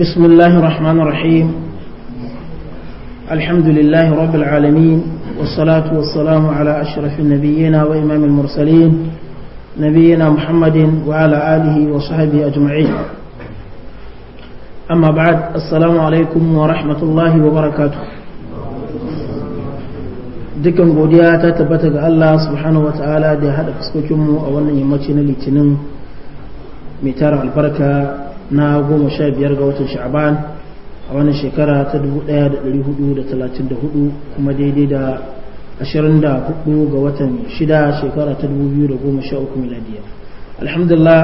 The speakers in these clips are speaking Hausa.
بسم الله الرحمن الرحيم الحمد لله رب العالمين والصلاة والسلام على أشرف النبيين وإمام المرسلين نبينا محمد وعلى آله وصحبه أجمعين أما بعد السلام عليكم ورحمة الله وبركاته dukkan godiya ta tabbata ga Allah subhanahu wataala da ya haɗa fuskokinmu a wannan yammacin litinin mai tara albarka na goma sha biyar ga watan sha'aban a wannan shekara ta 1434 kuma daidai da 24 ga watan shida shekara ta 2013 miladiya alhamdulillah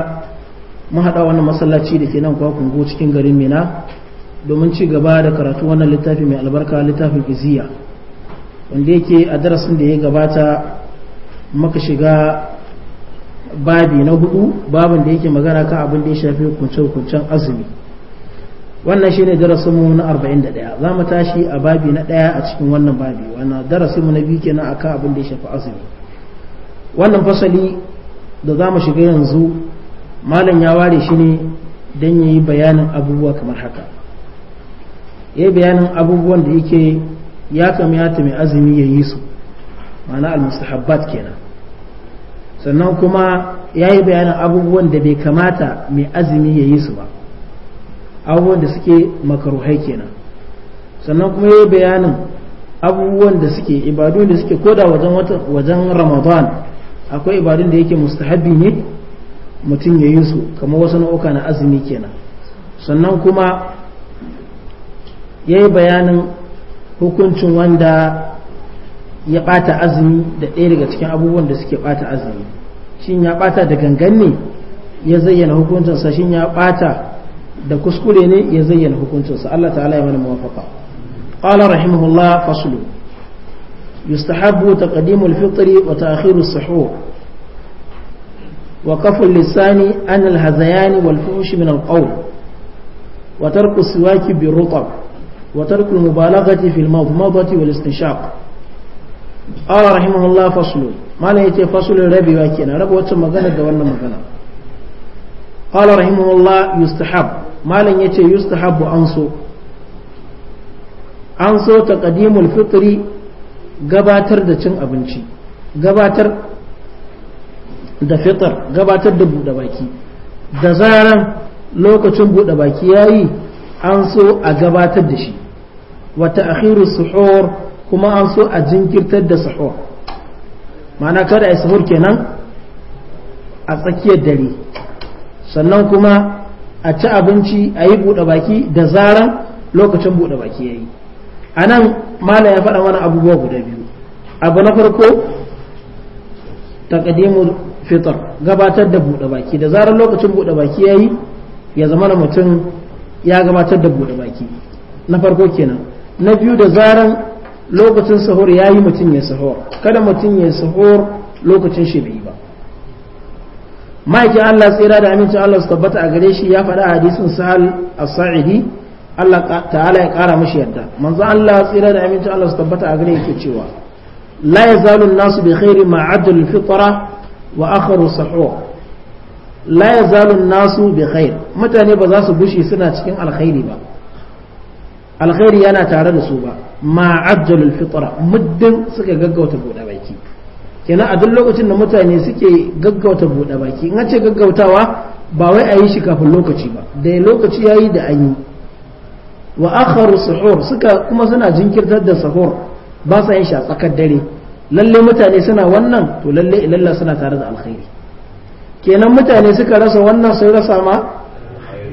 mun haɗa wannan masallaci da ke nan kwakungo cikin garin mina domin ci gaba da karatu wannan littafi mai albarka littafin iziya wanda yake a darasin da ya gabata maka shiga babi na hudu babin da yake magana kan abin da ya shafi hukunce-hukuncen azumi wannan shine darasin mu na 41 za mu tashi a babi na daya a cikin wannan babi wannan darasin na biyu kenan akan abin da ya shafi azumi wannan fasali da za mu shiga yanzu malam ya ware shi ne don ya yi bayanin abubuwa kamar haka ya yi bayanin abubuwan da yake ya kamata mai azumi ya yi su ma'ana al-mustahabbat kenan sannan kuma ya yi bayanin abubuwan da bai kamata mai azumi ya yi su ba abubuwan da suke makaruhai kenan sannan kuma ya yi bayanin abubuwan da suke ibadu da suke koda wajen wajen ramadan akwai ibadun da yake mustahabi ne mutum ya yi su kamar wasu nau'uka na azumi kenan sannan kuma ya yi bayanin hukuncin wanda ya ɓata azumi da ɗaya daga cikin abubuwan da suke ɓata azumi shin ya ɓata da gangan ne ya zayyana hukuncinsa shin ya ɓata da kuskure ne ya zayyana hukuncinsa Allah ta'ala ya mana muwafaqa qala rahimahullah faslu yustahabbu taqdimu al-fitri wa ta'khiru as-suhur wa kafu lisani an al-hazayan wal-fuhsh min al-qawl wa tarku siwaki bi-rutab wa tarku al-mubalaghati fi al-madmadati wal-istinshaq qala rahimahullah faslu malam yace faslun rabewa kenan raba wacce magana da wannan magana rahimu Allah yustahab malam yace yustahabu an so an so kadimul fitri gabatar da cin abinci gabatar da fitar gabatar da buɗe baki da zaran lokacin buɗe baki yayi an so a gabatar da shi wata akhiru suhur kuma an so a jinkirtar da sahur ma'ana kada a yi sahur kenan a tsakiyar dare sannan kuma a ci abinci a yi buɗe baki da zaran lokacin buɗe baki ya yi a nan mala ya faɗa wani abubuwa guda biyu abu na farko taƙadimu fitar gabatar da buɗe baki da zaran lokacin buɗe baki ya yi ya zama mutum ya gabatar da buɗe baki na farko kenan na biyu da zaran lokacin sahur ya yi mutum ya sahur kada mutum ya sahur lokacin shi bai ba ma'aikin Allah tsira da amincin Allah su tabbata a gare shi ya faɗa a hadisin sahal a saidi Allah ta'ala ya ƙara mashi yadda manzo Allah tsira da amincin Allah su tabbata a gare yake cewa la yazalu an-nasu bi khairi ma fitra wa akharu sahur la yazalu an-nasu bi khair mutane ba za su bushe suna cikin alkhairi ba alkhairi yana tare da su ba ma ajjalul fitra muddin suka gaggauta buɗe baki kenan a duk lokacin da mutane suke gaggauta buɗe baki in ce gaggautawa ba wai a yi shi kafin lokaci ba da lokaci yayi da an yi wa akharu suhur suka kuma suna jinkirtar da sahur ba sa yin shi a tsakar dare lalle mutane suna wannan to lalle ilalla suna tare da alkhairi kenan mutane suka rasa wannan sai rasa ma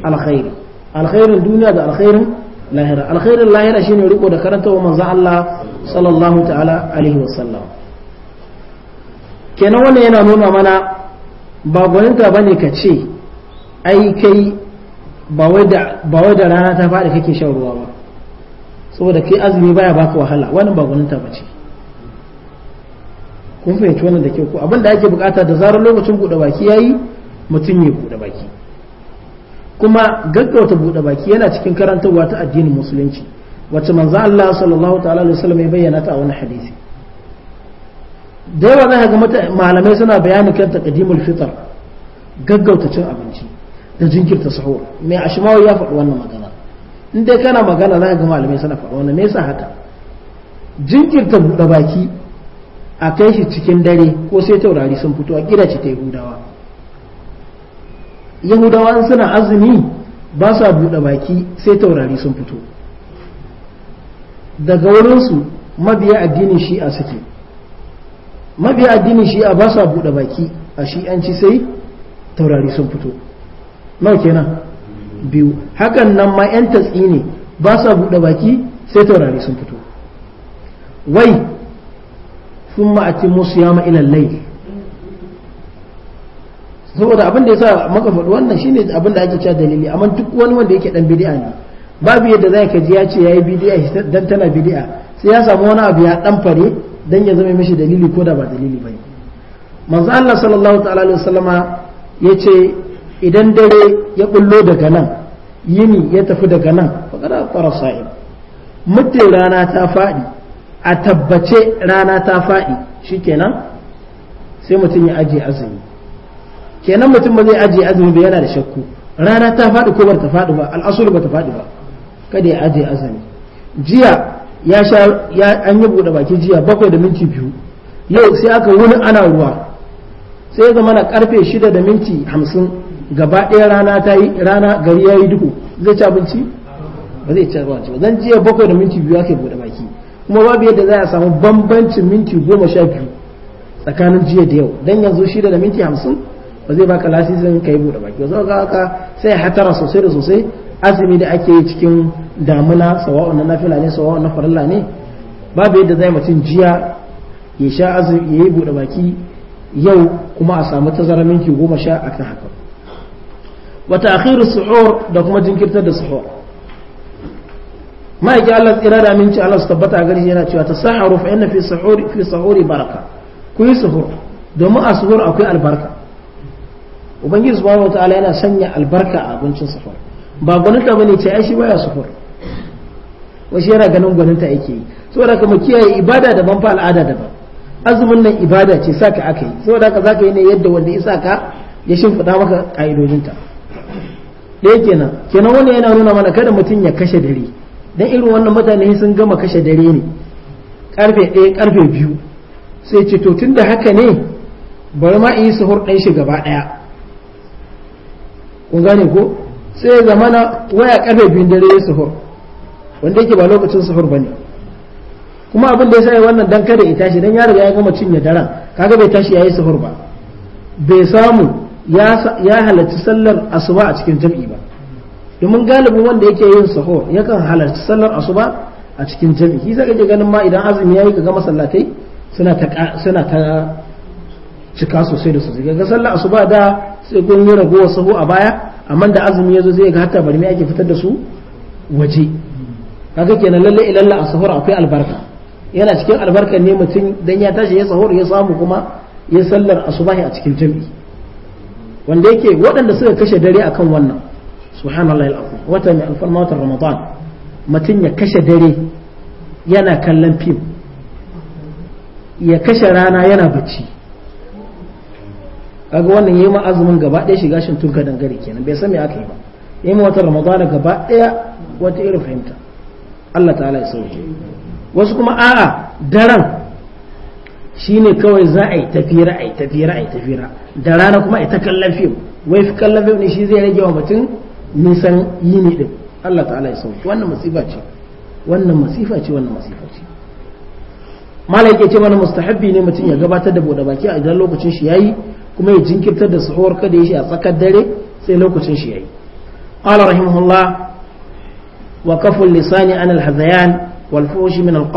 alkhairi alkhairin duniya da alkhairin lahira alkhairin lahira shine riko da wa manzon Allah sallallahu ta'ala alaihi wasallam kenan wannan yana nuna mana ba gwaninta bane ka ce ai kai ba wai da rana ta faɗi kake shan ruwa ba saboda kai azumi baya baka wahala wannan ba gwaninta ba ce kun fahimci wannan da ke ku abin da ake bukata da zarar lokacin buɗe baki yayi mutum ya buɗe baki kuma gaggauta buɗe baki yana cikin karantarwa ta addinin musulunci wacce manzo Allah sallallahu ta'ala alaihi wasallam ya bayyana ta a wani hadisi da yawa za ga malamai suna bayani kan taqdimul fitr gaggauta cin abinci da jinkirta sahur mai ashmawi ya faɗi wannan magana in dai kana magana za ga malamai suna faɗi wannan me yasa haka jinkirta buɗe baki a kai shi cikin dare ko sai taurari sun fito a gidace ta hudawa yahudawa in suna azumi ba sa buɗe baki sai taurari sun fito daga wurinsu mabiya addinin shi'a suke mabiya addinin shi'a ba sa buɗe baki a shi'anci sai taurari sun fito nau kenan biyu hakan nan ma 'yan tatsi ne ba sa buɗe baki sai taurari sun fito wai sun ma'akin musu yama ilallai saboda abin da ya sa maka faɗi wannan shine abin da ake cewa dalili amma duk wani wanda yake dan bid'a ne babu yadda zai ka ji ya ce yayi bid'a dan tana bid'a sai ya samu wani abu ya dan fare dan ya zama mishi dalili ko da ba dalili bane manzo Allah sallallahu ta'ala alaihi wasallama yace idan dare ya bullo daga nan yini ya tafi daga nan fara farasa'ib muddin rana ta faɗi a tabbace rana ta faɗi shikenan sai mutum ya ajiye azumi kenan mutum ba zai ajiye azumi ba yana da shakku rana ta faɗi ko bata faɗi ba ba bata faɗi ba kada ya ajiye azumi jiya ya sha ya an yi buɗe baki jiya bakwai da minti biyu yau sai aka wuni ana ruwa sai ga mana karfe shida da minti hamsin gaba ɗaya rana ta yi rana gari ya yi duhu zai ci abinci ba zai ci abinci ba zan jiya bakwai da minti biyu ake buɗe baki kuma babu yadda za a samu bambancin minti goma sha biyu tsakanin jiya da yau dan yanzu shida da minti hamsin ba zai baka lasisin ka yi buɗe baki ba ga haka sai hatara sosai da sosai azumi da ake cikin damuna sawa'u na nafila ne sawa'u na farilla ne babu yadda zai mutum jiya ya sha azumi ya yi buɗe baki yau kuma a samu tazara minti goma sha a kan haka wata ta'khiru suhur da kuma jinkirtar da su'ur ma'aiki Allah tsira da aminci Allah su tabbata gari yana cewa ta saharu fa inna fi suhuri fi baraka ku yi suhur domin a suhur akwai albarka ubangiji subhanahu wataala yana sanya albarka a abincin safar ba gwaninta bane ce ai shi baya safar wasu yana ganin gwaninta yake yi saboda kuma kiyaye ibada daban fa al'ada daban azumin nan ibada ce saka aka yi saboda ka zaka yi ne yadda wanda ya saka ya shimfiɗa maka ƙa'idojinta ɗaya kenan kenan wani yana nuna mana kada mutum ya kashe dare dan irin wannan mutane sun gama kashe dare ne karfe ɗaya karfe biyu sai ce to da haka ne bari ma yi suhur ɗan shi gaba ɗaya kun gane ko sai zamana waya karfe biyun dare ya sufur wanda yake ba lokacin sufur ne kuma abin da ya sai wannan dan kada ya tashi dan ya riga ya gama cinye daren kaga bai tashi yayi sufur ba bai samu ya halarci sallar asuba a cikin jam'i ba domin galibin wanda yake yin sahur yakan halarci sallar asuba a cikin jam'i shi zaka je ganin ma idan azumi yayi ka ga masallatai suna ta suna ta cika sosai da sosai ga sallar asuba da sai kun yi ragowar sahu a baya amma da azumi ya zo zai ga hatta bari me ake fitar da su waje kaga kenan lalle ilalla a akwai albarka yana cikin albarkar ne mutum dan ya tashi ya sahur ya samu kuma ya sallar asubahi a cikin jami'i wanda yake waɗanda suka kashe dare akan wannan subhanallahi alazim wata mai alfarma watan ramadan mutum ya kashe dare yana kallon fim ya kashe rana yana bacci kaga wannan yayi ma azumin gaba ɗaya shiga shin tunka dangare kenan bai san me aka yi ba yayi ma wata ramadana gaba ɗaya wata irin fahimta Allah ta'ala ya sauke wasu kuma a'a daren shine kawai za a yi tafira a yi tafira a yi tafira da rana kuma a ta kallon fim wai fi kallon fim ne shi zai rage wa mutum nisan yini din Allah ta'ala ya sauke wannan masifa ce wannan masifa ce wannan masifa ce malaka ya ce mana mustahabbi ne mutum ya gabatar da bude baki a idan lokacin shi yayi kuma ya jinkirtar da suhuwar kada ya shi a tsakar dare sai lokacin shi yi qala rahimahullah wa kaful lisani an al-hadayan wal min al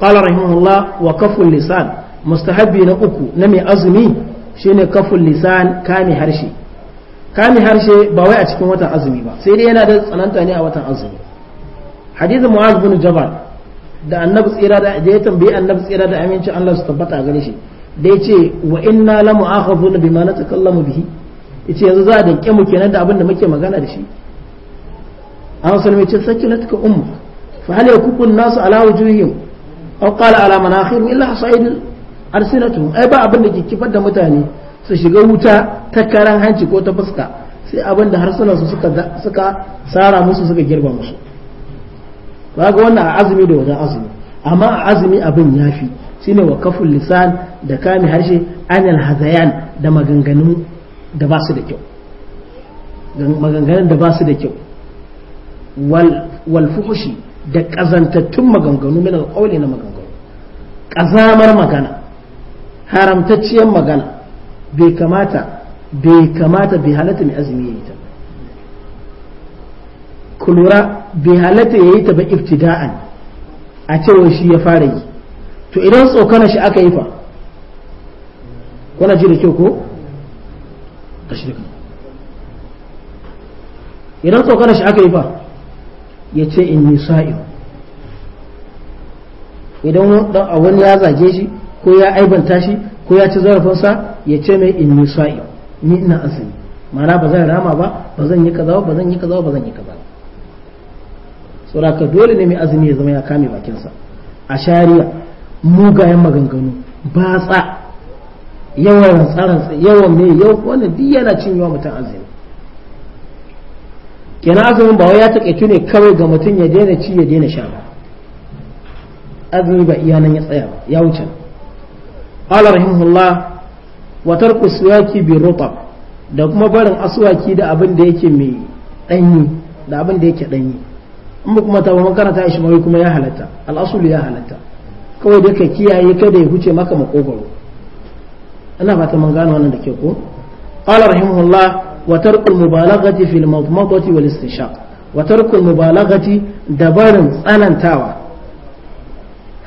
qala rahimahullah wa kaful lisan mustahabbi na uku na mai azumi shine kaful lisan kame harshe kame harshe ba wai a cikin watan azumi ba sai dai yana da tsananta ne a watan azumi hadithin mu'az bin jabal da annabi tsira da ya tambayi annabi tsira da aminci Allah su tabbata a gare shi da ya ce wa inna la mu'akhadhuna bima natakallamu bihi yace yanzu za a danke mu kenan da abin da muke magana da shi an salmi ce sakilatuka ummu fa hal yakubu an-nasu ala wujuhihim aw qala ala manakhirihim illa hasaid arsinatuhum ai ba abin da ke kifar da mutane su shiga wuta ta karan hanci ko ta fuska sai abin da harsunan su suka suka sara musu suka girba musu ba ga wannan a azumi da wajen azumi amma a azumi abin ya fi. shine wa kafin lisan da kame harshe anil hazayan da maganganun da ba su da kyau maganganun da ba su da kyau wal fuhushi da ƙazantattun maganganu min alƙawli na maganganu ƙazamar magana haramtacciyar magana bai kamata bai kamata bai halatta mai azumi ya yi ta Kulura bai halatta ya yi ta ba ibtida'an a cewa shi ya fara yi to idan tsokana shi aka yi fa kuna ji da kyau ko idan tsokana shi aka yi fa ya ce in yi sa'in idan wani ya zage shi ko ya aibanta shi ko ya ci zarafinsa ya ce mai in yi sa'in ni ina asali mana ba zan rama ba ba zan yi kaza ba zan yi kaza ba zan yi kaza ka dole ne mai azumi ya zama ya kame bakinsa a shari'a mugayen maganganu batsa yawan tsarin yawan mai yau wani duk yana cin yawa mutum azumi kenan azumin ba wai ya taƙaitu ne kawai ga mutum ya daina ci ya daina sha ba azumi ba iya nan ya tsaya ya wuce qala rahimahullah wa tarku siwaki bi rutab da kuma barin aswaki da abin da yake mai danyi da abin da yake danyi in kuma ta ba makaranta shi kuma ya halatta al ya halatta kawai da ka kiyaye kada ya huce maka makogaro ana fata mun gano wannan da ke ko qala rahimahullah wa tarkul mubalaghati fil mawdhu'ati wal istishaq wa tarkul mubalaghati dabarin tsanantawa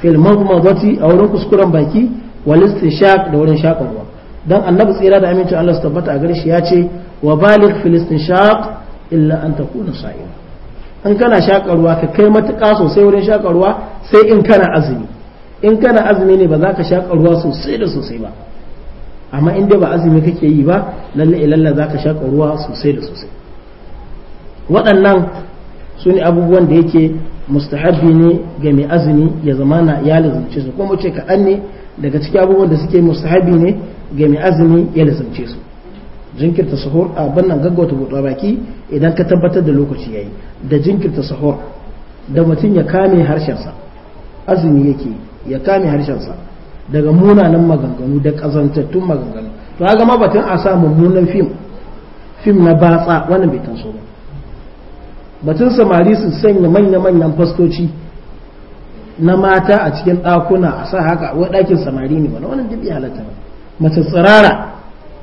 fil mawdhu'ati a wurin kuskuren baki wal istishaq da wurin shakarwa. dan annabi tsira da amincin Allah su tabbata a gare shi ya ce wa baligh fil istishaq illa an takuna sa'im in kana shakarwa ka kai matuƙa sosai wurin shakarwa sai in kana azumi in kana azumi ne ba za ka shaƙa ruwa sosai da sosai ba amma in dai ba azumi kake yi ba lalle ilalla eh, za ka shaƙa ruwa sosai da sosai waɗannan su ne abubuwan da yake mustahabbi ne ga mai azumi ya zamana ya lazumce su kuma ce kaɗan ne daga cikin abubuwan da suke mustahabbi ne ga mai azumi ya lazumce su jinkirta sahur a bannan gaggauta buɗa baki idan ka tabbatar da lokaci yayi da jinkirta sahur da mutum ya kame harshen sa azumi yake yi ya kame harshensa daga munanan maganganu da kazantattun maganganu to haka ma batun a sa mummunan fim fim na batsa wannan bai taso ba batun samari su sanya manya-manyan fastoci na mata a cikin ɗakuna a sa haka wai ɗakin samari ne wani wannan dubi halatta ba mace tsirara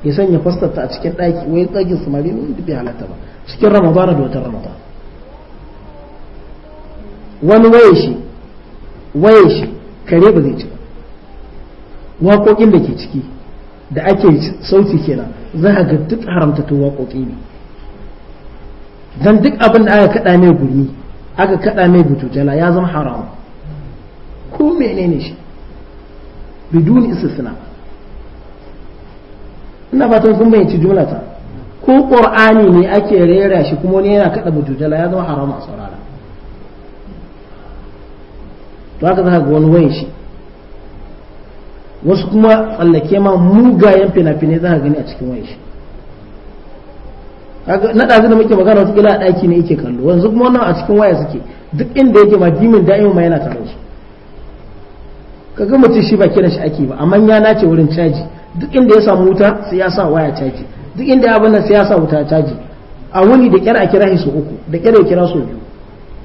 ya sanya fastarta a cikin ɗaki wai ɗakin samari ne wani dubi halatta ba cikin ramadan da watan ramadan wani waye shi waye shi kare ba zai ci ba waƙoƙin da ke ciki da ake sauti kenan za a ga duk haramtattun waƙoƙi ne dan duk abin da aka kaɗa mai gurmi aka kaɗa mai bututala ya zama haram ko menene shi biduni istisna ina fatan kun bayyanci jumlata ko ƙur'ani ne ake rera shi kuma wani yana kaɗa bututala ya zama haram a saurara to haka zaka ga wani wayan shi wasu kuma tsallake ma mugayen fina-finai zaka gani a cikin wayan shi na ɗazu da muke magana wasu kila a ɗaki ne yake kallo wanzu kuma wannan a cikin waya suke duk inda yake ma dimin da'imin ma yana tare su kaga mutum shi ba kira shi ake ba amma ya nace wurin caji duk inda ya samu wuta sai ya sa waya caji duk inda ya bana sai ya sa wuta caji a wuni da kira a kira shi su uku da kyar ya kira su biyu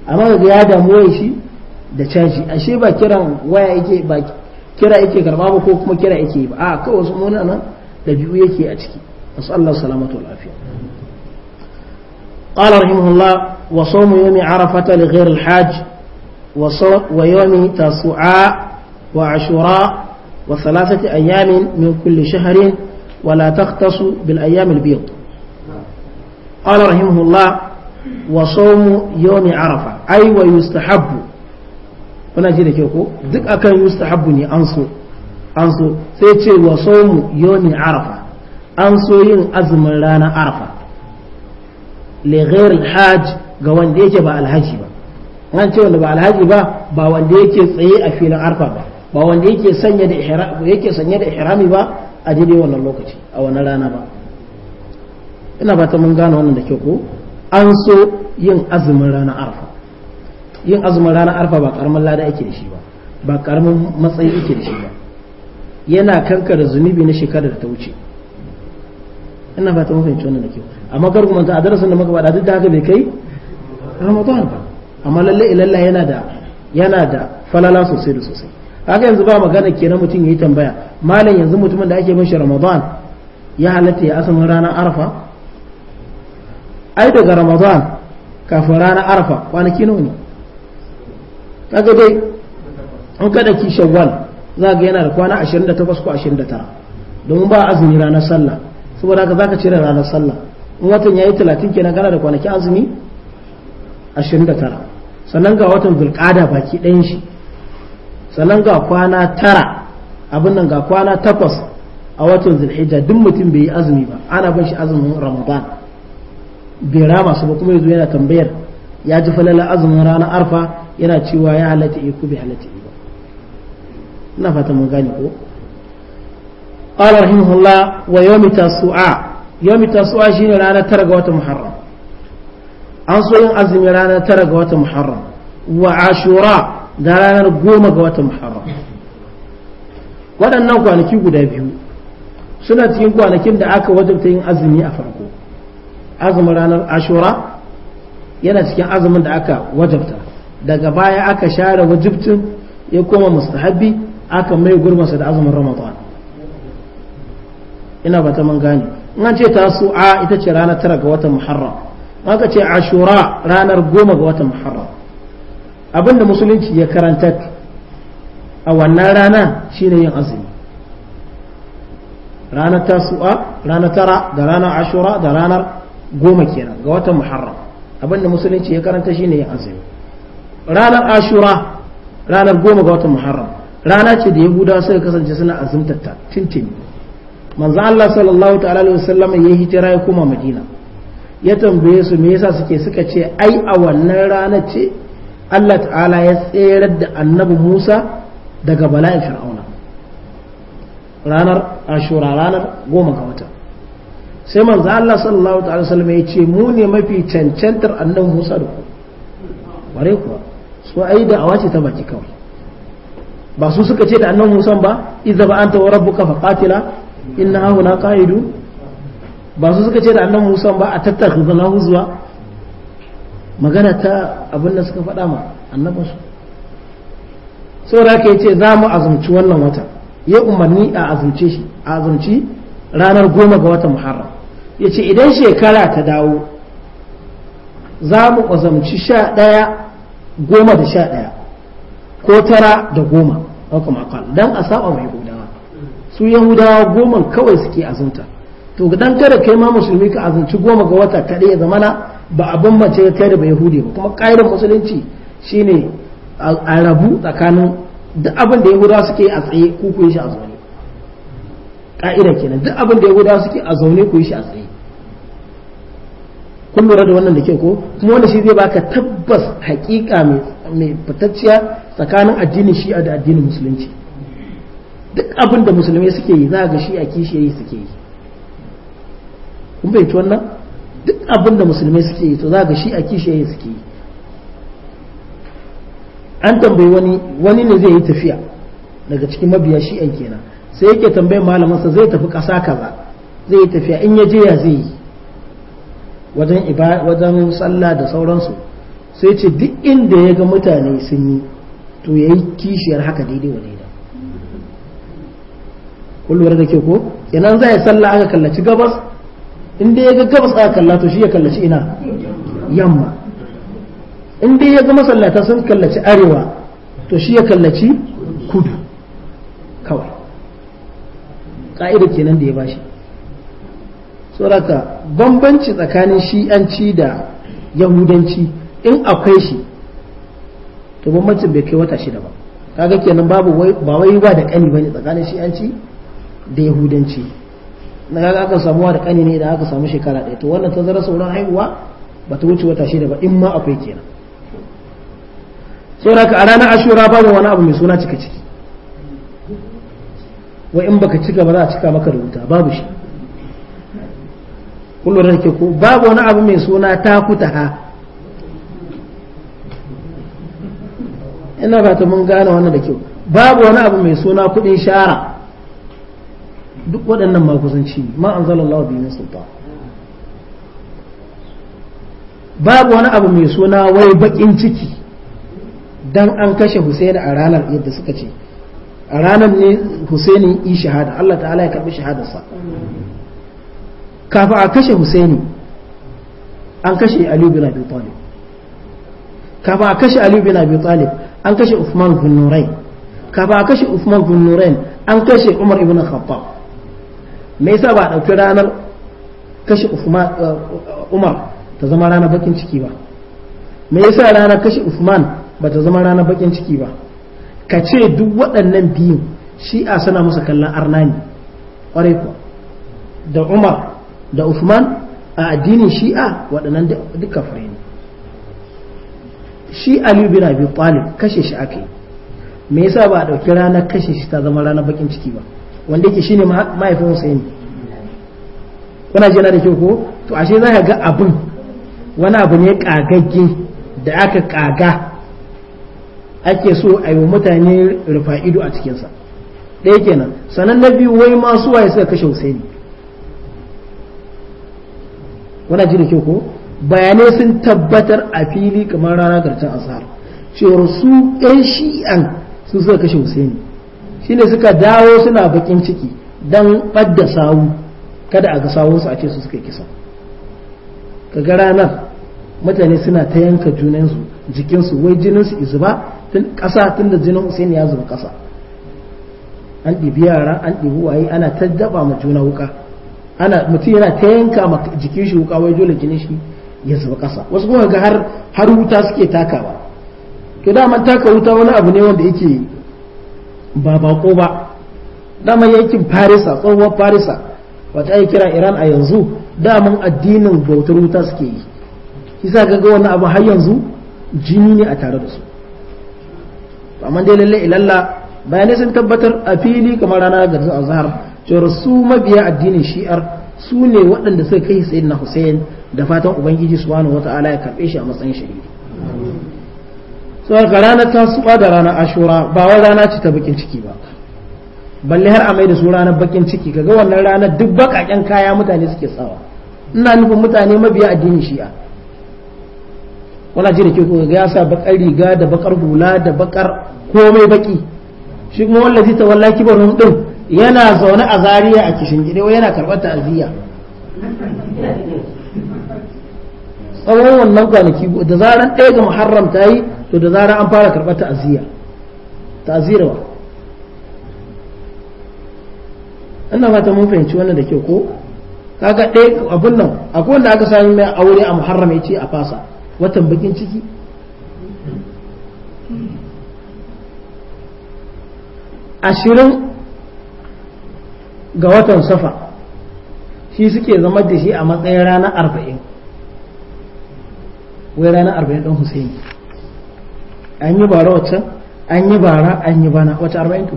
amma ga ya damu wayan shi da caji ashe ba kiran waya yake ba kira yake karba ba ko kuma kira yake ba a kawai wasu mona nan da biyu yake a ciki wasu Allah salamatu wa lafiya قال رحمه الله وصوم يوم عرفة لغير الحاج ويوم تسعاء وعشراء وثلاثة أيام من كل شهر ولا تختص بالأيام البيض قال رحمه الله وصوم يوم عرفة أي أيوة ويستحب kuna ji da ke ko duk akan yustahabbu ne an so an so sai ce wa yau yawmin arafa an so yin azumin ranar arafa li ghair ga wanda yake ba alhaji ba an ce wanda ba alhaji ba ba wanda yake tsaye a filin arafa ba ba wanda yake sanya da ihrami yake sanya da ihrami ba a jide wannan lokaci a wannan rana ba ina ba ta mun gane wannan da ke ko an so yin azumin ranar arafa yin azumin ranar arfa ba karamin lada yake da shi ba ba karamin matsayi yake da shi ba yana kankara zunubi na shekarar da ta wuce ina fata mun fahimci wannan da kyau amma kar kuma manta a darasin da muka faɗa duk da haka bai kai ramadan ba amma lalle ilalla yana da yana da falala sosai da sosai haka yanzu ba magana kenan mutum yayi tambaya malam yanzu mutumin da ake mishi ramadan ya halatta ya asamin ranar arfa ai daga ramadan kafin ranar arfa kwanaki nawa ne kaga dai in kada ki shawwal za ga yana da kwana 28 ko 29 domin ba azumi ranar sallah saboda haka zaka cire ranar sallah in watan yayi 30 kenan kana da kwanaki azumi 29 sannan ga watan zulqada baki ɗayan shi sannan ga kwana tara abin nan ga kwana takwas a watan zulhijja duk mutum bai yi azumi ba ana ban shi azumin ramadan bai rama su ba kuma yanzu yana tambayar ya ji falala azumin ranar arfa yana cewa ya halatta iya eh bi halatta iya eh ba ina fata mun ko qala wa yawmi tasu'a yawmi tasu'a shine ranar tara ga watan muharram an so yin azumi ranar tara ga watan muharram wa ashura da ranar goma ga watan muharram waɗannan kwanaki guda biyu suna cikin kwanakin da aka wajabta yin azumi a farko azumin ranar ashura yana cikin azumin da aka wajabta daga baya aka share wajibcin ya koma mustahabi aka mai gurmasa da azumin ramadan ina bata ta man gane in an ce tasu'a ita ce ranar tara ga watan muharram aka ce ashura ranar goma ga watan muharram abinda musulunci ya karanta a wannan rana shine yin azumi ranar tasu'a rana tara da ranar ashura da ranar goma kenan ga watan muharram abinda musulunci ya karanta shine yin azumi ranar ashura ranar goma ga watan muharram rana ce da yahudawa suka kasance suna azumtata tintini manzo Allah sallallahu ta'ala alaihi wasallam ya hijira ya koma madina ya tambaye su me yasa suke suka ce ai a wannan rana ce Allah ta'ala ya tserar da annabi Musa daga bala'in fir'auna ranar ashura ranar goma ga wata sai manzo Allah sallallahu ta'ala wasallam ya ce mu ne mafi cancantar annabi Musa da ku bare kuwa su yi da ce ta baki kawai ba su suka ce da annan musan ba idza ba anta wa rabbuka fa qatila inna na qa'idu ba su suka ce da annan musan ba a tattakhudha lahu zuwa magana ta abin da suka faɗa ma annabinsu saboda haka ce za mu azumci wannan wata ya umarni a azumce shi a azumci ranar goma ga watan muharram yace idan shekara ta dawo za mu azumci sha ɗaya goma da sha ɗaya ko tara da goma haka makon don a saba mai yahudawa su yahudawa goma kawai suke azunta to dan kada kai ma musulmi ka azunci goma ga wata kaɗai ya zamana ba a bambance kai da ba yahudi ba kuma ƙa'idar musulunci shine a rabu tsakanin duk abin da yahudawa suke a tsaye ku ku yi shi a zaune ƙa'idar kenan duk abin da yahudawa suke a zaune ku yi shi a tsaye kun lura da wannan da ke ko kuma wanda shi zai baka tabbas hakika mai fitacciya tsakanin addinin shi'a da addinin musulunci duk abin da musulmai suke yi za ga shi'a kishiyayi suke yi kun bai wannan duk abin da musulmai suke yi to za ga shi'a kishiyayi suke yi an tambayi wani wani ne zai yi tafiya daga cikin mabiya shi'an kenan sai yake tambayar malamansa zai tafi ƙasa kaza zai yi tafiya in ya je ya zai yi wajen wajen sallah da sauransu sai ce duk inda ya ga mutane sun yi to ya yi kishiyar haka daidai wa daidai kullum da ke ko kenan za ya sallah aka kallaci gabas inda ya ga gabas aka kalla to shi ya kallaci ina yamma inda ya ga masallata sun kallaci arewa to shi ya kallaci kudu kawai ka'ida kenan da ya bashi surata bambanci tsakanin shi'anci da yahudanci in akwai shi to bambancin bai kai wata shida ba kaga kenan babu ba wai ba da kani bane tsakanin shi'anci da yahudanci na kaga aka samu da kani ne da aka samu shekara ɗaya to wannan ta tazara sauran haihuwa ba ta wuce wata shida ba in ma akwai kenan Soraka a ranar ashura babu wani abu mai suna cika ciki wa in baka cika ba za a cika maka rubuta babu shi kullum da ke ku babu wani abu mai suna ta kutaha ina fata mun gane wannan da kyau babu wani abu mai suna kudin shara duk waɗannan makusanci ma an zala Allah biyu sulta babu wani abu mai suna wai bakin ciki dan an kashe Husaini a ranar yadda suka ce a ranar ne Husaini yi shahada Allah ta'ala ya karbi shahadarsa kafa a kashe husaini an kashe aliyu bin abi talib kafa a kashe aliyu bin abi talib an kashe usman bin nurai kafa a kashe usman bin nurai an kashe umar ibn khattab me yasa ba a ɗauki ranar kashe uh, umar ta zama ranar bakin ciki ba me yasa ranar kashe usman ba ta zama ranar bakin ciki ba ka ce duk waɗannan biyun shi'a suna musu kallon arnani ƙwarai kuwa da umar da Usman a addinin shi'a waɗannan duk kafirai ne shi Ali bin Abi Talib kashe shi aka yi me yasa ba a ɗauki ranar kashe shi ta zama ranar bakin ciki ba wanda yake shine mahaifin Hussein kuna na da kyau ko to ashe za ka ga abin wani abu ne kagagge da aka kaga ake so a yi mutane rufa ido a cikinsa ɗaya kenan sanan na biyu wai masu waye suka kashe Hussein wana ji da ke ko bayanai sun tabbatar a fili kamar rana karcin asar cewar su yan shi'an sun suka kashe husaini shine suka dawo suna bakin ciki dan ɓadda sawu kada a ga sawunsu a ce su suka kisa kaga ranar mutane suna ta yanka junansu jikinsu wai jininsu izuba tun ƙasa tun da jinin husaini ya zuba ƙasa an ɗibi yara an ɗibi waye ana ta daba ma juna wuƙa. ana mutum yana ta yanka ma jikin shi wuka wai dole jinin shi ya zuba kasa wasu kuma ga har har wuta suke takawa to dama taka wuta wani abu ne wanda yake ba bako ba dama yankin farisa tsohuwar farisa wata yi kira iran a yanzu daman addinin bautar wuta suke yi kisa ga ga wani abu har yanzu jini ne a tare da su amma dai lalle ilalla bayanai sun tabbatar a fili kamar rana garzu a zahar cewar su mabiya addinin shi'ar su ne waɗanda suka kai na Hussein da fatan ubangiji subhanahu ala ya karɓe shi a matsayin shahidi ga ranar tasuwa da ranar ashura ba wa rana ce ta bakin ciki ba balle har a mai da su ranar bakin ciki kaga wannan ranar duk bakaƙen kaya mutane suke tsawa ina nufin mutane mabiya addinin shi'a wala jira da ke ko ya sa bakar riga da bakar hula da bakar komai baki shi kuma wallazi ta wallaki barhum din yana zaune a zariya a kishin gida wai yana karɓar ta'aziyya tsawon wannan kwanaki da zaran ɗaya ga muharram ta yi to da zaran an fara karɓar ta'aziyya ta'aziyarwa ina fata mun fahimci wannan da ke ko kaga ɗaya abun nan akwai wanda aka sami mai aure a muharram ya ce a fasa watan bakin ciki ashirin ga watan safa shi suke zama da shi a matsayin ranar arba'in wai ranar arba'in ɗan husaini an yi bara waccan an yi bara an yi bana wata arba'in to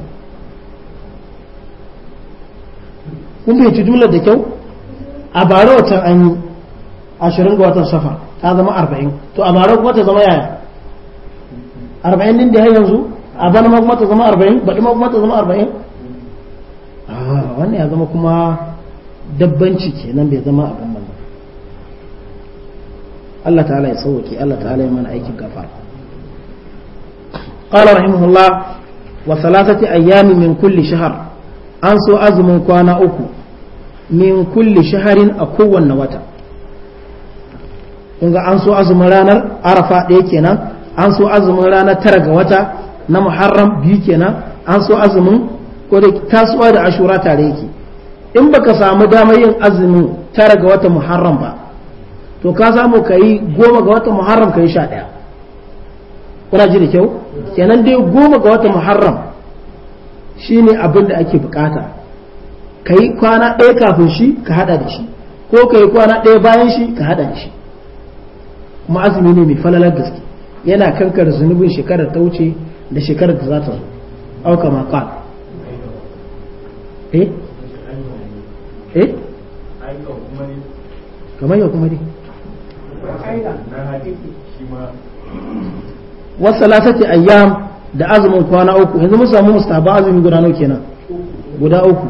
kun bai ci jumlar da kyau a bara waccan an yi ashirin ga watan safa ta zama arba'in to a bara kuma ta zama yaya arba'in din da ya yanzu a bana ma kuma ta zama arba'in baɗi ma kuma ta zama arba'in Ah, wannan ya zama kuma dabbanci kenan bai zama abin manzo Allah ta'ala ya sauke Allah ta'ala ya mana aikin gafa qala rahimahullah wa thalathati ayyami min kulli shahar an so azumin kwana uku min kulli shaharin a kowanne wata kun an so azumin ranar arafa ɗaya kenan an so azumin ranar tara ga wata na muharram biyu kenan an so azumin ko da tasuwa da ashura tare yake in baka samu damar yin azumi tara ga watan muharram ba to ka samu ka yi goma ga watan muharram ka yi sha ɗaya kuna ji da kyau kenan dai goma ga watan muharram shine abin da ake bukata ka yi kwana ɗaya kafin shi ka hada da shi ko ka yi kwana ɗaya bayan shi ka hada da shi kuma azumi ne mai falalar gaske yana kankar zunubin shekarar ta wuce da shekarar da za ta zo auka maqal eh eh kamar yau kuma ne wasu lasati ayyam da azumin kwana uku yanzu mun samu mustaba azumi guda nawa kenan guda uku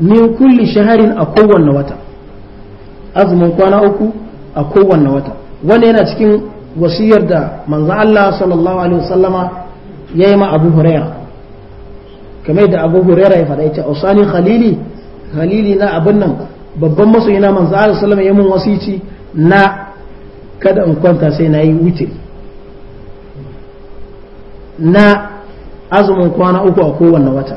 Ni kulli shaharin a kowanne wata azumin kwana uku a kowanne wata wanda yana cikin wasiyar da manzo Allah sallallahu alaihi wasallama ya yi ma Abu Huraira kamar da abu huraira ya faɗa yace usani khalili khalili na abin nan babban masoyi na manzo Allah sallama yayin wasici na kada in kwanta sai na yi wuce na azumin kwana uku a kowanne wata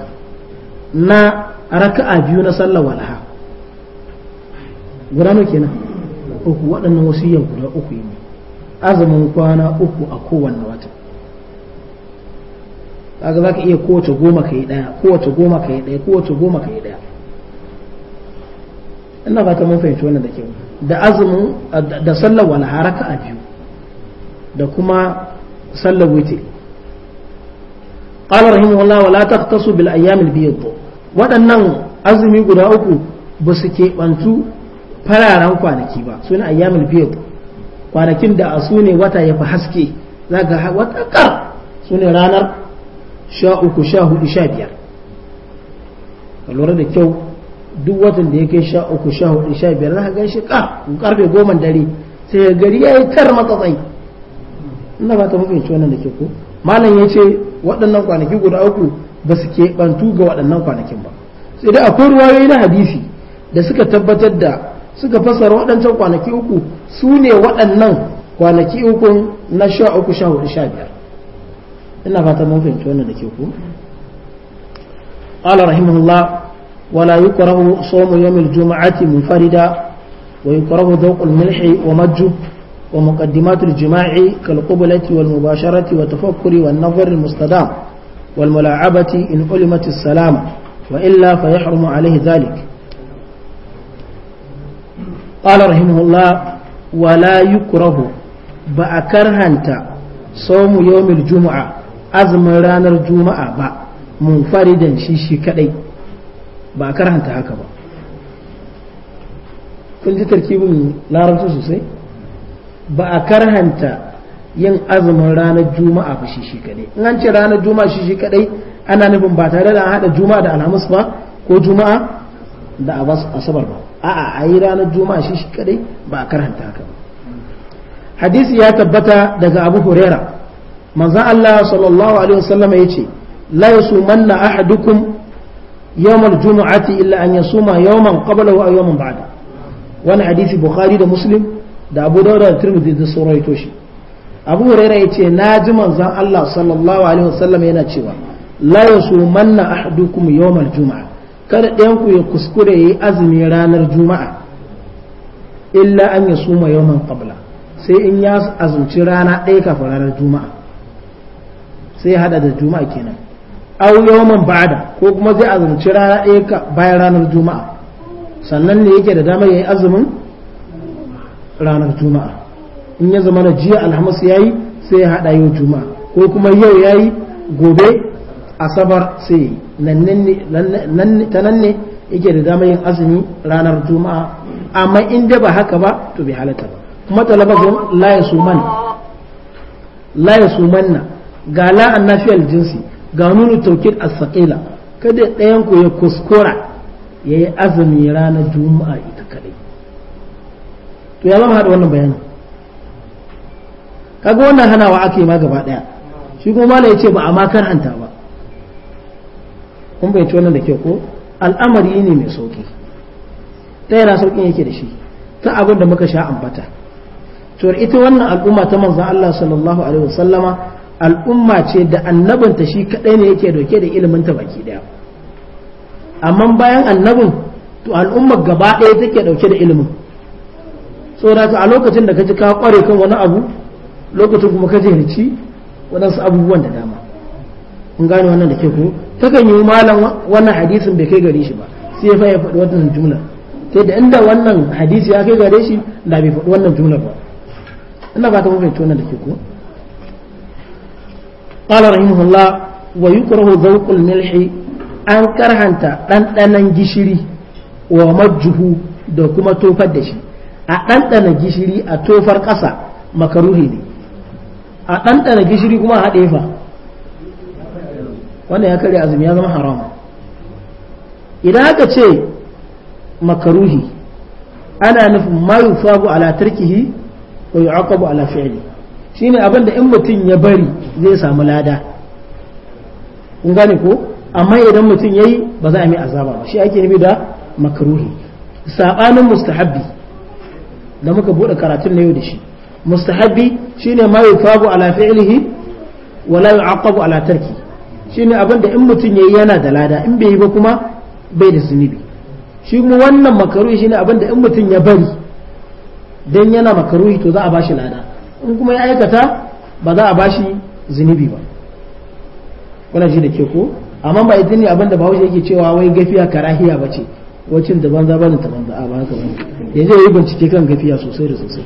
na raka'a biyu na sallar walha guda nawa kenan uku waɗannan wasiyan guda uku ne azumin kwana uku a kowanne wata kaga zaka iya kowace goma ka yi daya kowace goma ka yi daya kowace goma ka yi daya ina fata mun fahimci wannan da kyau da azumin da sallar wani haraka a biyu da kuma sallar wuce. qala rahimahullah wala taqtasu bil ayyam al bayd waɗannan azumi guda uku ba su ke keɓantu fararen kwanaki ba suna biyar bayd kwanakin da a su ne wata ya fi haske za ga wata kar su ne ranar sha uku sha hudu sha biyar lura da kyau duk watan da ya kai sha uku sha hudu sha biyar za ka gan shi karfe goma dare sai gari ya yi tar matsatsai ina ba ta mafi wannan da ke ko malam ya ce waɗannan kwanaki guda uku ba su keɓantu ga waɗannan kwanakin ba sai dai akwai ruwayoyi na hadisi da suka tabbatar da suka fasara waɗancan kwanaki uku su ne waɗannan kwanaki uku na sha uku sha hudu sha biyar ina fata mun fahimci wannan da ke ku qala rahimahullah wala yukrahu sawmu yawm al-jum'ati munfarida wa yukrahu dawq al-milhi wa majj wa muqaddimat al-jima'i kal qublati wal mubasharati wa tafakkuri wan nadhar al-mustadam wal mula'abati in ulimat as-salama wa illa fa yahrumu alayhi dhalik قال رحمه الله ولا يكره بأكرهنت صوم يوم الجمعة azumin ranar juma'a ba mun munfaridan shi shi kadai ba karanta haka ba kun ji tarkibin larabci sosai ba a karhanta yin azumin ranar juma'a ba shi shi kadai in an ce ranar juma'a shi shi kadai ana nufin ba tare da an hada juma'a da alhamis ba ko juma'a da asabar ba a'a a yi ranar juma'a shi shi kadai ba a karhanta haka ba hadisi ya tabbata daga abu huraira manzan Allah sallallahu alaihi wasallam ya ce la yasumanna ahadukum yawmal jumu'ati illa an yasuma yawman qablahu aw yawman ba'da wani hadisi bukhari da muslim da abu dauda da tirmidhi da sauraito shi abu hurairah ya ce na ji manzan Allah sallallahu alaihi wasallam yana cewa la yasumanna ahadukum yawmal jumu'a kada ɗayan ku ya kuskure yayi azumi ranar juma'a illa an yasuma yawman qabla sai in ya azumci rana ɗaya kafin ranar juma'a sai ya hada da juma'a kenan au yawman ba'da ko kuma zai azumci rana ɗaya bayan ranar juma'a sannan ne yake da damar yayi azumin ranar juma'a in ya zama na jiya alhamis yayi sai ya hada yau juma'a ko kuma yau yayi gobe asabar sai nan ne ta nan ne yake da damar yin azumi ranar juma'a amma in dai ba haka ba to bai halatta ba kuma talabazin la ya suman la ya ga la'an annafiyal jinsi ga nuna tawkid a saƙila, kada ɗayan ku ya kuskura ya yi azumi ranar juma'a ita kadai to ya zama hada wannan bayanin kaga wannan hanawa ake ma gaba ɗaya shi kuma ya ce ba a ma karanta ba kun bai wannan da ke ko al'amari ne mai sauƙi, ta yana saukin yake da shi ta abin da muka sha ambata to ita wannan al'umma ta manzan, Allah sallallahu alaihi wasallama al'umma ce da annabinta shi kaɗai ne yake dauke da iliminta baki ɗaya amma bayan annabin to al'umma gaba ɗaya take dauke da ilimin saboda a lokacin da kaji ka kware kan wani abu lokacin kuma kaji jahilci waɗansu abubuwan da dama in gane wannan da ke ku takan yi malam wannan hadisin bai kai gare shi ba sai ya faya faɗi wannan jumla sai da inda wannan hadisi ya kai gare shi da bai faɗi wannan jumla ba ina ba ta mafi tonar da ke ku qala rahimahullah wa yukrahu dhawqul milhi an karhanta ɗanɗanan gishiri wa majjuhu da kuma tofar da shi a ɗanɗana gishiri a tofar ƙasa makaruhi a ɗanɗana gishiri kuma haɗe fa wannan ya karya azumi ya zama haram idan aka ce makaruhi ana nufin ma yufabu ala tarkihi wa yu'aqabu ala fi'li shi abin da in mutum ya bari zai samu lada kun gane ko amma idan mutum ya yi ba za a mai azaba ba shi ake nufi da makaruhi saɓanin mustahabbi da muka buɗe karatun na yau da shi mustahabbi ne ma yufabu ala fi'lihi wa la yu'aqabu ala tarki shi abin da in mutum ya yi yana da lada in bai yi ba kuma bai da zunubi shi kuma wannan makaruhi shi abin da in mutum ya bari dan yana makaruhi to za a ba shi lada in kuma ya aikata ba za a bashi zunubi ba kuna ji da ke ko amma ba ita ne abinda ba yake cewa wai gafiya karahiya ba ce wacin da banza ba ta banza a ba haka ba je yi bincike kan gafiya sosai da sosai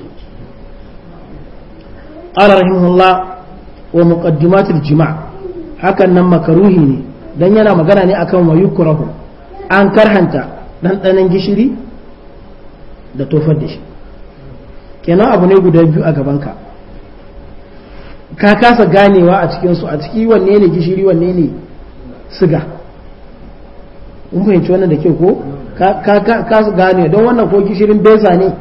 قال رحمه wa ومقدمات jima' hakan nan makaruhi ne dan yana magana ne akan wa yukrahu an karhanta ɗanɗanon gishiri da tofar da shi kenan abu ne guda biyu a gabanka ka kasa ganewa a cikinsu a ciki wanne ne gishiri wanne ne siga in fahimci wannan da ke ko ka kasa gane don wannan ko gishirin besa ne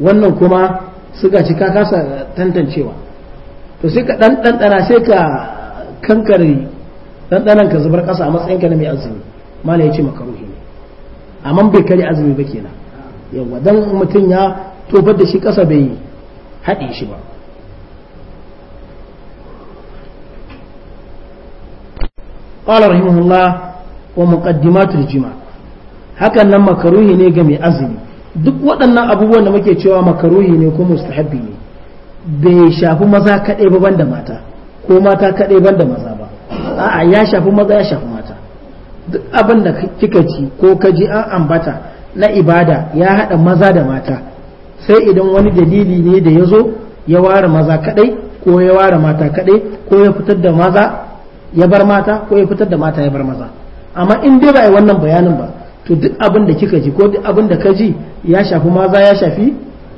wannan kuma siga ci ka kasa tantancewa to sai ka dan dandana sai ka kankare dandanan ka zubar kasa a matsayin na mai azumi mala yace makaruhi ne amma bai kare azumi ba kenan yawa dan mutum ya tofar da shi kasa bai haɗe shi ba qala rahimahullah wa muqaddimatul jima hakan nan makaruhi ne ga mai azumi duk waɗannan abubuwan da muke cewa makaruhi ne ko mustahabbi ne bai shafi maza kaɗai ba banda mata ko mata kaɗai banda maza ba a'a ya shafi maza ya shafi mata duk abin da kika ci ko ka ji an ambata na ibada ya haɗa maza da mata sai idan wani dalili ne da ya zo ya ware maza kaɗai ko ya ware mata kaɗai ko ya fitar da maza ya bar mata ko ya fitar da mata ya bar maza amma in dai ba a yi wannan bayanin ba to duk abin da kika ji ko duk abin da ka ji ya shafi maza ya shafi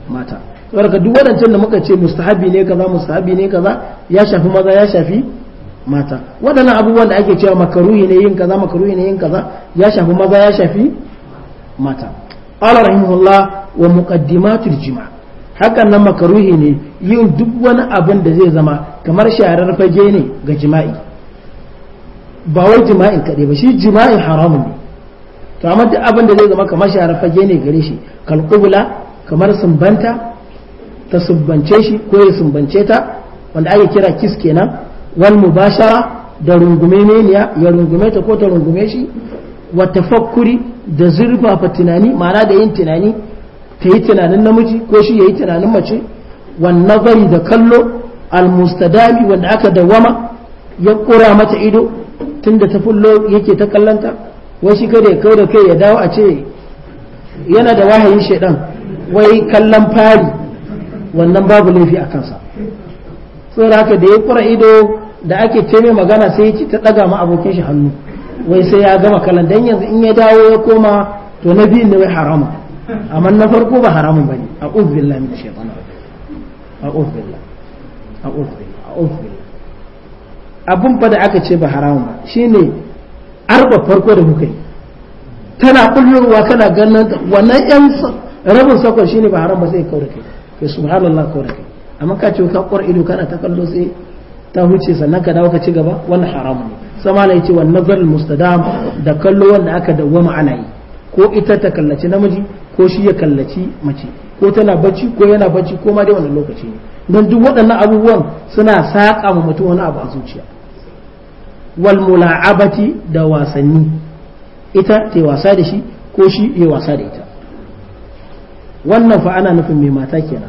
mata saboda duk waɗancan da muka ce mustahabi ne kaza mustahabi ne kaza ya shafi maza ya shafi mata waɗannan abubuwan da ake cewa makaruhi ne yin kaza makaruhi ne yin kaza ya shafi maza ya shafi mata qala rahimahullah wa muqaddimatul jima' hakan nan makaruhi ne yin duk wani abin da zai zama kamar sharar fage ne ga jima'i ba wai jima'in kaɗai ba shi jima'in haramun ne to amma duk abin da zai zama kamar shara fage ne gare shi kalkubula kamar sumbanta ta sumbance shi ko ya sumbance ta wanda ake kira kis kenan wal mubashara da rungume ne ya rungume ta ko ta rungume shi wa tafakkuri da zurfafa tunani ma'ana da yin tunani ta yi tunanin namiji ko shi ya yi tunanin mace wan nazari da kallo al mustadami wanda aka dawama ya kura mata ido tun da ta fullo yake ta kallanta wai shi kada ya kau da kai ya dawo a ce yana da wahayin shaidan wai kallon fari wannan babu laifi a kansa da haka da ya kura ido da ake ce magana sai ci ta daga ma abokin shi hannu wai sai ya gama kallon dan yanzu in ya dawo ya koma to na biyun ne wai harama amma na farko ba haramun bane a'udhu billahi minash shaitanir rajim a'udhu billahi a'udhu billahi a'udhu billahi abun fa da aka ce ba haramu ba shine arba farko da muka yi tana wa kana ganin wannan yan rabin sakon shine ba haram ba sai kaura kai kai subhanallah kaura kai amma ka ce ka kwar ido kana ta kallo sai ta huce sannan ka dawo ka ci gaba wannan haramun ne sama na ce wannan nazar mustadam da kallo wanda aka dawwama ana yi ko ita ta kallaci namiji ko shi ya kallaci mace ko tana bacci ko yana bacci ko ma dai wannan lokaci ne don duk waɗannan abubuwan suna saƙa ma mutum wani abu a zuciya wal mula'abati da wasanni ita ta wasa da shi ko shi ya wasa da ita wannan fa ana nufin mai mata kenan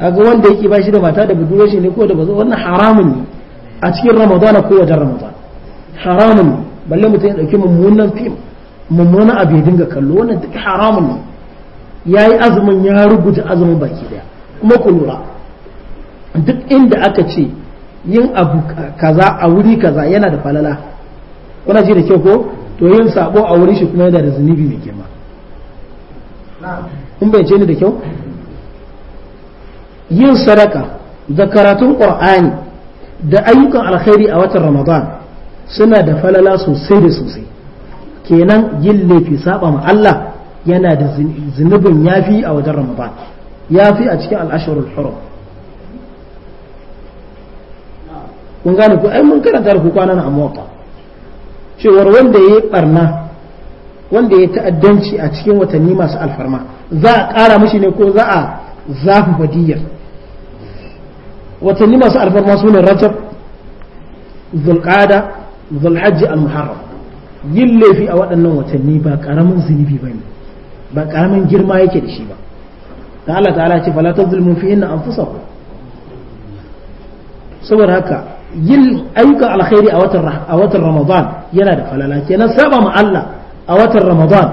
a ga wanda yake ba shi da mata da budurwar shi ne ko da bazo wannan haramun ne a cikin ramadana ko wajen ramadana haramun ne balle mutum ya ɗauki mummunan fim mummunan abu ya dinga kallo wannan duk haramun ne ya yi azumin ya rubuta azumin baki daya kuma ku duk inda aka ce yin abu kaza a wuri kaza yana da falala kuna ji da kyau ko to yin sabo a wuri shi kuma yana da zunubi mai girma kun bayyance ni da kyau yin sadaka da karatun qur'ani da ayyukan alkhairi a watan ramadan suna da falala sosai da sosai kenan yin laifi saba ma Allah yana da zunubin yafi a wajen ramadan ya fi a cikin al'asharul hurum kun gane ku ai mun karanta ku kwanan a mota cewar wanda ya yi barna wanda ya ta'addanci a cikin watanni masu alfarma za a ƙara mashi ne ko za a zafi badiyar watanni masu alfarma su ne rajab zulqada zulhajji al-muharram yin laifi a waɗannan watanni ba ƙaramin zunubi ba ne ba ƙaramin girma yake da shi ba da Allah ta'ala ce fala tazlimu fi inna anfusakum saboda haka yin ayyukan alkhairi a watan a watan Ramadan yana da falala kenan saba ma Allah a watan Ramadan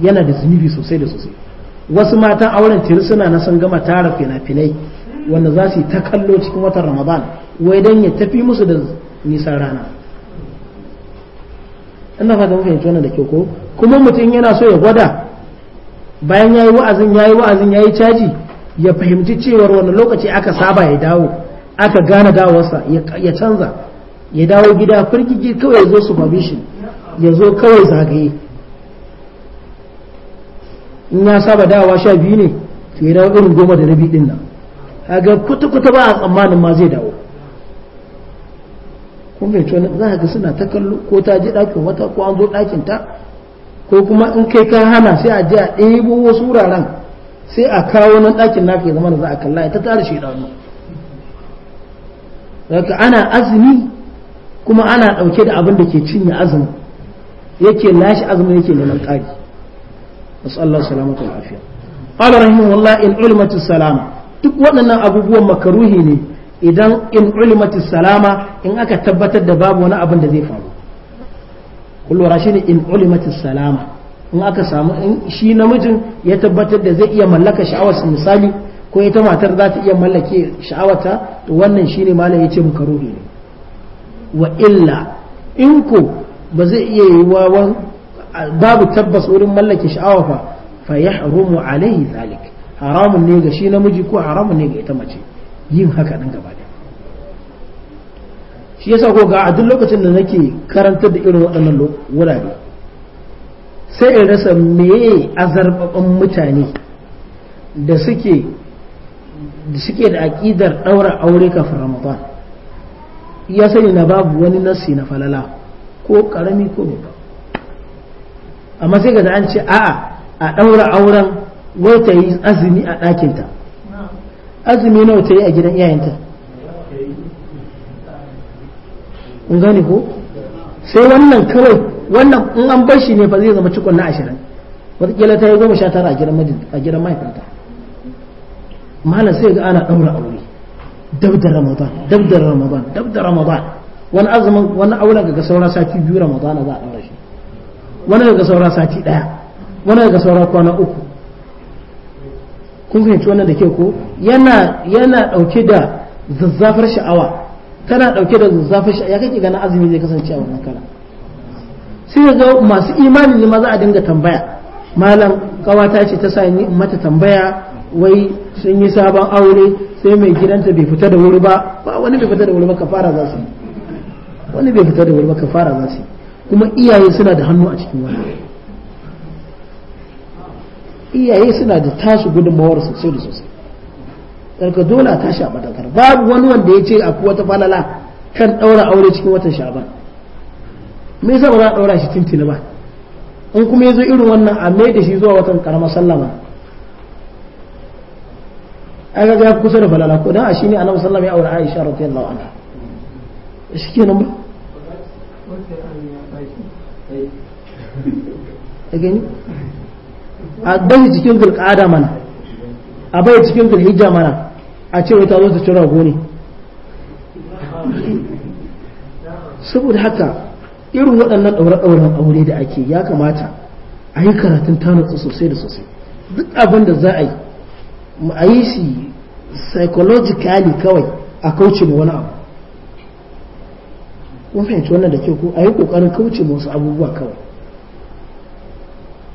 yana da zunubi sosai da sosai wasu matan auren tiri suna na san gama tara fina-finai wanda za su yi ta kallo cikin watan Ramadan wai dan ya tafi musu da nisan rana ina fata mun fahimci wannan da kyau ko kuma mutum yana so ya gwada bayan yayi wa'azin yayi wa'azin yayi caji ya fahimci cewar wani lokaci aka saba ya dawo aka gane dawarsa ya canza ya dawo gida firgigi kawai ya zo supervision ya zo kawai zagaye in ya saba dawa sha biyu ne to ya dawo irin goma da rabi din nan kaga kuta ba a tsammanin ma zai dawo Kuma fahimci wani za ga suna ta kallo ko ta je ɗakin wata ko an zo ɗakin ta ko kuma in kai ka hana sai a je a ɗebo wasu wuraren sai a kawo nan ɗakin naka ya zama da za a kalla ya ta tara shaidanu daga ana azumi kuma ana ɗauke da abin da ke cinye azumi yake lashe azumi yake neman ƙari wasu Allah salamatu wa afiya rahimu rahimahullah in ulimati salama duk waɗannan abubuwan makaruhi ne idan in ulimati salama in aka tabbatar da babu wani abin da zai faru kullura shine in ulimatis salama in aka samu in shi namijin ya tabbatar da zai iya mallaka sha'awarsa misali ko ita matar za ta iya mallake sha'awata to wannan shine malam yace makaruhi ne wa illa in ko ba zai iya yiwa babu tabbas wurin mallake sha'awa fa fa yahrumu alaihi zalik haramun ne ga shi namiji ko haramun ne ga ita mace yin haka nan gaba shi yasa ko ga a duk lokacin da nake karantar da irin waɗannan wurare sai in rasa meye azarbaban mutane da suke da suke da aƙidar ɗaura aure kafin ramadan ya sani na babu wani nassi na falala ko ƙarami ko ba amma sai ga an ce a'a a ɗaura auren wata yi azumi a ɗakinta azumi nawa ta yi a gidan iyayenta kun gane ko sai wannan kawai wannan in an bar shi ne ba zai zama cikon na ashirin wataƙila ta yi goma sha tara a gidan mahaifinta malam sai ga ana ɗaura aure dab da ramadan dab da ramadan dab da ramadan wani azumin wani auren ga saura sati biyu ramadan za a ɗaura shi wani ga saura sati ɗaya wani ga saura kwana uku kun fahimci wannan da ke ko yana yana ɗauke da zazzafar sha'awa kana dauke da zazzafin shi ya kake ganin azumi zai kasance a wannan kana sai ga masu imani ne ma za a dinga tambaya malam kawata ce ta sani mata tambaya wai sun yi sabon aure sai mai gidanta bai fita da wuri ba ba wani bai fita da wuri ba ka fara za su wani bai fita da wuri ba ka fara za su kuma iyaye suna da hannu a cikin wani iyaye suna da tasu gudunmawar sosai da sosai daga dola ta shaɓa sha matakar babu wani wanda ya ce kuwa wata falala kan ɗaura aure cikin watan sha'ban me yasa ba za a ɗaura shi tintina ba in kuma ya zo irin wannan a mai da shi zuwa watan karamar sallama a ga kusa da falala ko dan a shine annabi sallallahu alaihi ya aure Aisha radiyallahu anha shikenan ba a dai cikin gulƙada mana a bai cikin gulhijja mana a ce wata zo ta ci rago ne saboda haka irin waɗannan ɗaure-ɗauren aure da ake ya kamata a yi karatun tanatsu sosai da sosai duk abin da za a yi a yi shi psychologically kawai a kauce mu wani abu kun fahimci wannan da ke ko a yi ƙoƙarin kauce mu wasu abubuwa kawai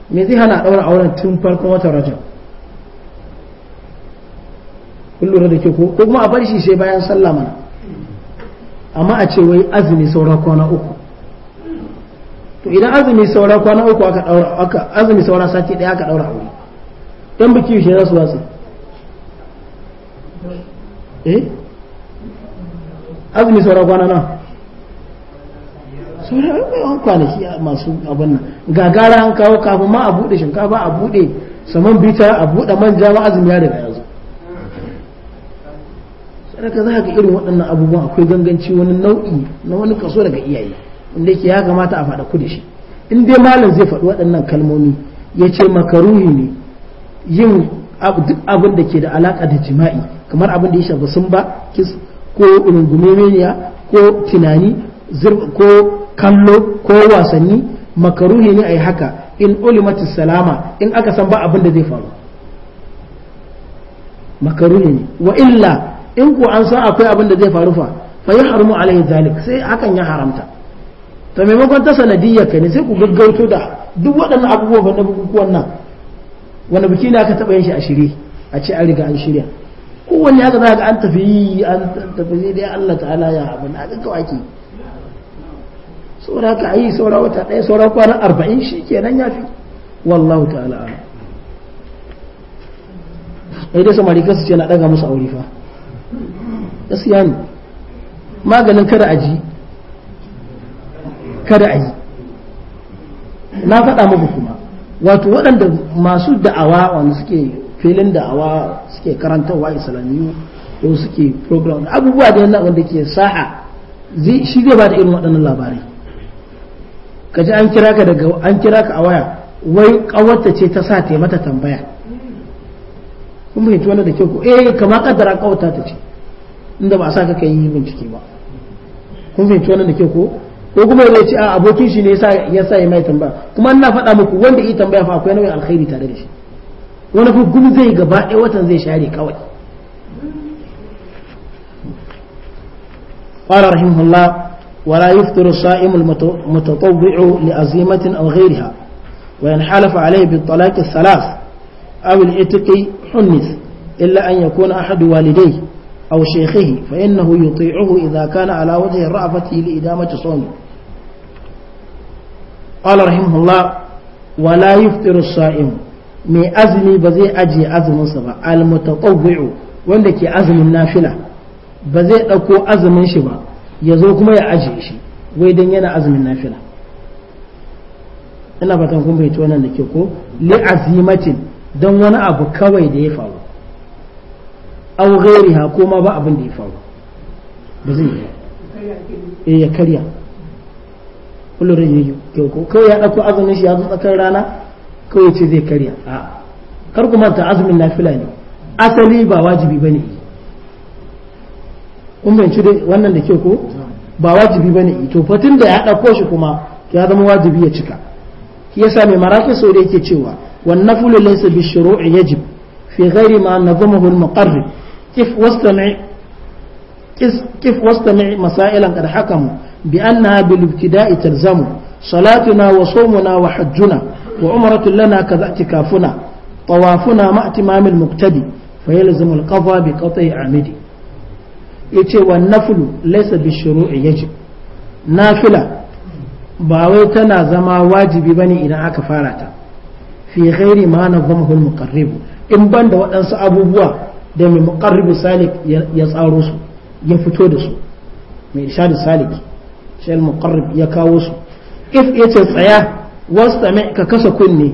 me zai hana ɗaura auren tun farkon watan rajab Kullum lura da ke ko ko kuma a bar shi sai bayan sallah mana amma a ce wai azumi saura kwana uku to idan azumi saura kwana uku aka daura aka azumi saura sati daya aka daura aure dan biki shi za su wasu eh azumi saura kwana na shi a masu abin nan gagara an kawo kafin ma a bude shinkafa a bude saman bita a bude manja ma azumi ya daga haka za ka irin waɗannan abubuwan akwai ganganci wani nau'i na wani kaso daga iyaye wanda yake ya kamata a faɗa ku da shi in dai malam zai faɗi waɗannan kalmomi ya ce makaruhi ne yin duk abin da ke da alaka da jima'i kamar abin da ya shafi sun ba kis ko rungumemeniya ko tunani ko kallo ko wasanni makaruhi ne a yi haka in ulimatis salama in aka san ba abin da zai faru makaruhi ne wa illa in ku an san akwai abin da zai faru fa fa ya haramu alaihi zalik sai hakan ya haramta to maimakon ta sanadiyya ka ne sai ku gaggauto da duk waɗannan abubuwan na bukukuwan nan wani biki ne aka taɓa yin shi a shirye a ce an riga an shirya kowanne haka za ga an tafi an tafi sai dai Allah ta'ala ya abin na gaggawa ake saura ka yi saura wata ɗaya saura kwanan arba'in shi kenan ya fi wallahu ta'ala a ai dai samari kasu ce na ɗaga musu aure fa gaskiya ne maganin kada a kada a yi na faɗa muku kuma wato waɗanda masu da'awa wanda suke filin da'awa suke karantarwa islamiyu ko suke program abubuwa da yana wanda ke saha shi zai ba irin waɗannan labarai kaji an kira ka daga an kira ka a waya wai ƙawarta ce ta sa ta mata tambaya kuma fahimci da kyau ko eh kama kaddara kawarta ta ce inda ba sa ka kai yi bincike ba kun fahimci wannan da ke ko ko kuma ya ce a abokin shi ne ya sa ya mai tambaya kuma ina faɗa muku wanda yi tambaya fa akwai nauyin alkhairi tare da shi wani fa gudu zai gaba ɗaya watan zai share kawai قال رحمه الله ولا يفطر الصائم المتطوع لأزيمة أو غيرها وإن حلف عليه بالطلاق الثلاث أو العتق حنث إلا أن يكون أحد والديه أو شيخه فإنه يطيعه إذا كان على وجه رأفته لإدامة صومه قال رحمه الله ولا يفطر الصائم mai azumi ba zai ajiye azuminsa ba almutatawwi'u wanda ke azumin nafila ba zai ɗauko azumin shi ba ya zo kuma ya ajiye shi wai dan yana azumin nafila ina fatan kun bai da ke ko li azimatin dan wani abu kawai da ya faru au ha ko ma ba abin da ya faru ba zai yi eh, ya karya kullum ya yi kyau kawai ya dauko azumin shi ya zo tsakar rana kawai ce zai karya a kar kuma ta azumin nafila ne asali ba wajibi ba ne kun cire wannan da kyau ko ba wajibi ne to fatin da ya dauko shi kuma ya zama wajibi ya cika shi yasa mai maraki sau da yake cewa wannan fulun laisa bi shuru'i yajib fi ghairi ma nazamahu al-muqarrir كيف وصلنا كيف وصلنا مسائل قد حكموا بأنها بالابتداء تلزم صلاتنا وصومنا وحجنا وعمرة لنا كذا اعتكافنا طوافنا مع اتمام المقتدي فيلزم القضاء بقطع عمدي يتي والنفل ليس بالشروع يجب نافلة yajib زما ba wai إلى zama في غير ما aka fara إن fi ghairi ma nazamahu al-muqarrib in banda abubuwa da mai muqarribu salik ya tsaro su ya fito da su mai irshadu salik shi muqarrib ya kawo su if yace tsaya wastami ka kasa kunne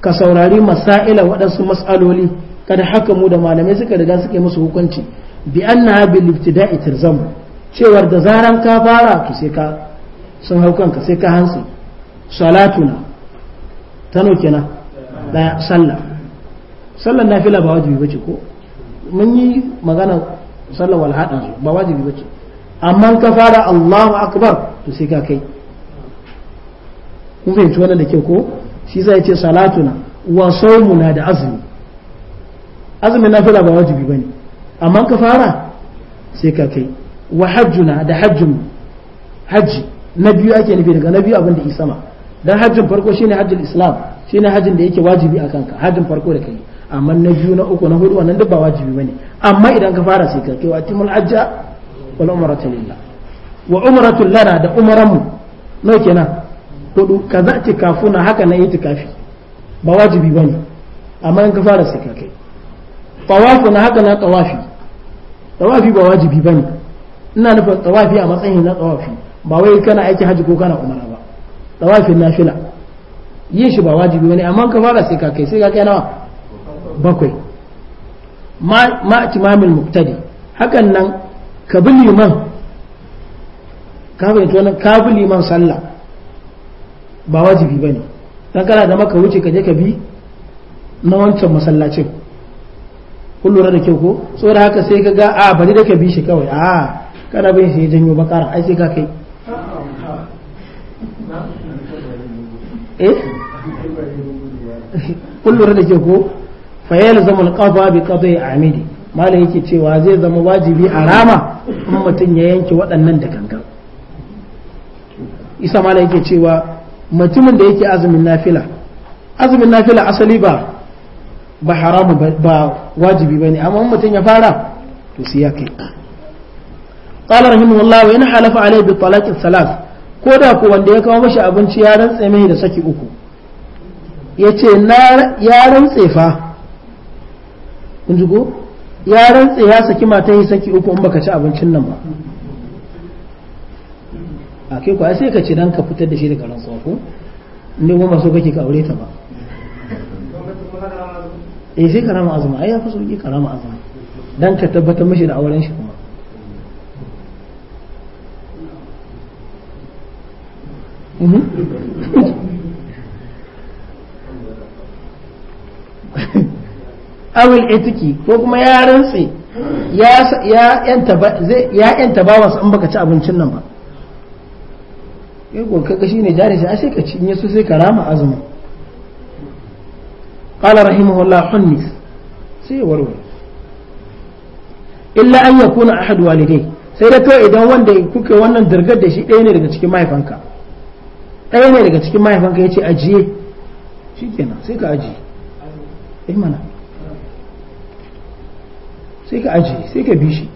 ka saurari masaila waɗansu matsaloli kada haka mu da malamai suka riga suka masu musu hukunci bi annaha bil ibtida'i tilzamu cewar da zaran ka fara to sai ka sun hau kanka sai ka hantsi salatuna tano na daya sallah na fila ba wajibi ce ko mun yi magana sallar wal hada su ba wajibi ce amma ka fara Allahu akbar to sai ka kai kun fahimci wannan da ke ko shi sai ya ce salatuna wa saumuna da azumi azumi na nafila ba wajibi ba ne amma ka fara sai ka kai wa hajjuna da hajjun hajji na biyu ake nufi daga na biyu abin da isama dan hajjin farko shine hajjin islam shine hajjin da yake wajibi a kanka hajjin farko da kai amma na biyu na uku na hudu wannan duk ba wajibi bane amma idan ka fara sai ka kai wa timul ajja wal umratu lillah wa umratu lana da mu no kenan hudu kaza kafuna haka na kafi ba wajibi bane amma in ka fara sai ka kai tawafu na haka na tawafi tawafi ba wajibi bane ina nufin tawafi a matsayin na tawafi ba wai kana aiki haji ko kana umara ba tawafin nafila yin shi ba wajibi bane amma ka fara sai ka kai sai ka kai nawa bakwai ma timamil muktadi hakan nan ka bi liman ka fahimci wannan ka bi liman sallah ba wajibi ba ne dan kana da maka wuce ka je ka bi na wancan masallacin kun lura da kyau ko saboda haka sai ka ga a bari da ka bi shi kawai a kana bin shi janyo bakara ai sai ka kai eh kun lura da kyau ko fa yalzamul qada bi qada'i amidi malam yake cewa zai zama wajibi a rama in mutum ya yanke waɗannan da gangan isa malam yake cewa mutumin da yake azumin nafila azumin nafila asali ba ba haramu ba wajibi ne amma in mutum ya fara to sai ya kai قال رحمه الله وإن حلف عليه بالطلاق الثلاث كودا كو wanda ya kawo mashi abinci ya rantse mai da saki uku yace na ya rantse fa kun jigo ya rantsa ya saki mata yi saki uku in baka ci abincin nan ba a kai kuwa sai ka ci dan ka fitar da shi daga rantsuwa ko ne kuma so kake ka aure ta ba eh sai ka rama azumi ai ya fi sauki karama azuma dan ka tabbatar mishi da auren shi kuma Mm-hmm. awil itiki ko kuma ya rantse ya yanta wasu in baka ci abincin nan ba ya goka shi ne jari A sai ka ci in yaso sai ka rama azumi qala rahimahullah hunnis sai warware illa an yakuna ahad walidai sai da to idan wanda kuke wannan dirgar da shi ɗaya ne daga cikin mahaifanka ɗaya ne daga cikin mahaifanka ya ce ajiye shikenan sai ka ajiye eh mana sai ka aji sai ka bishi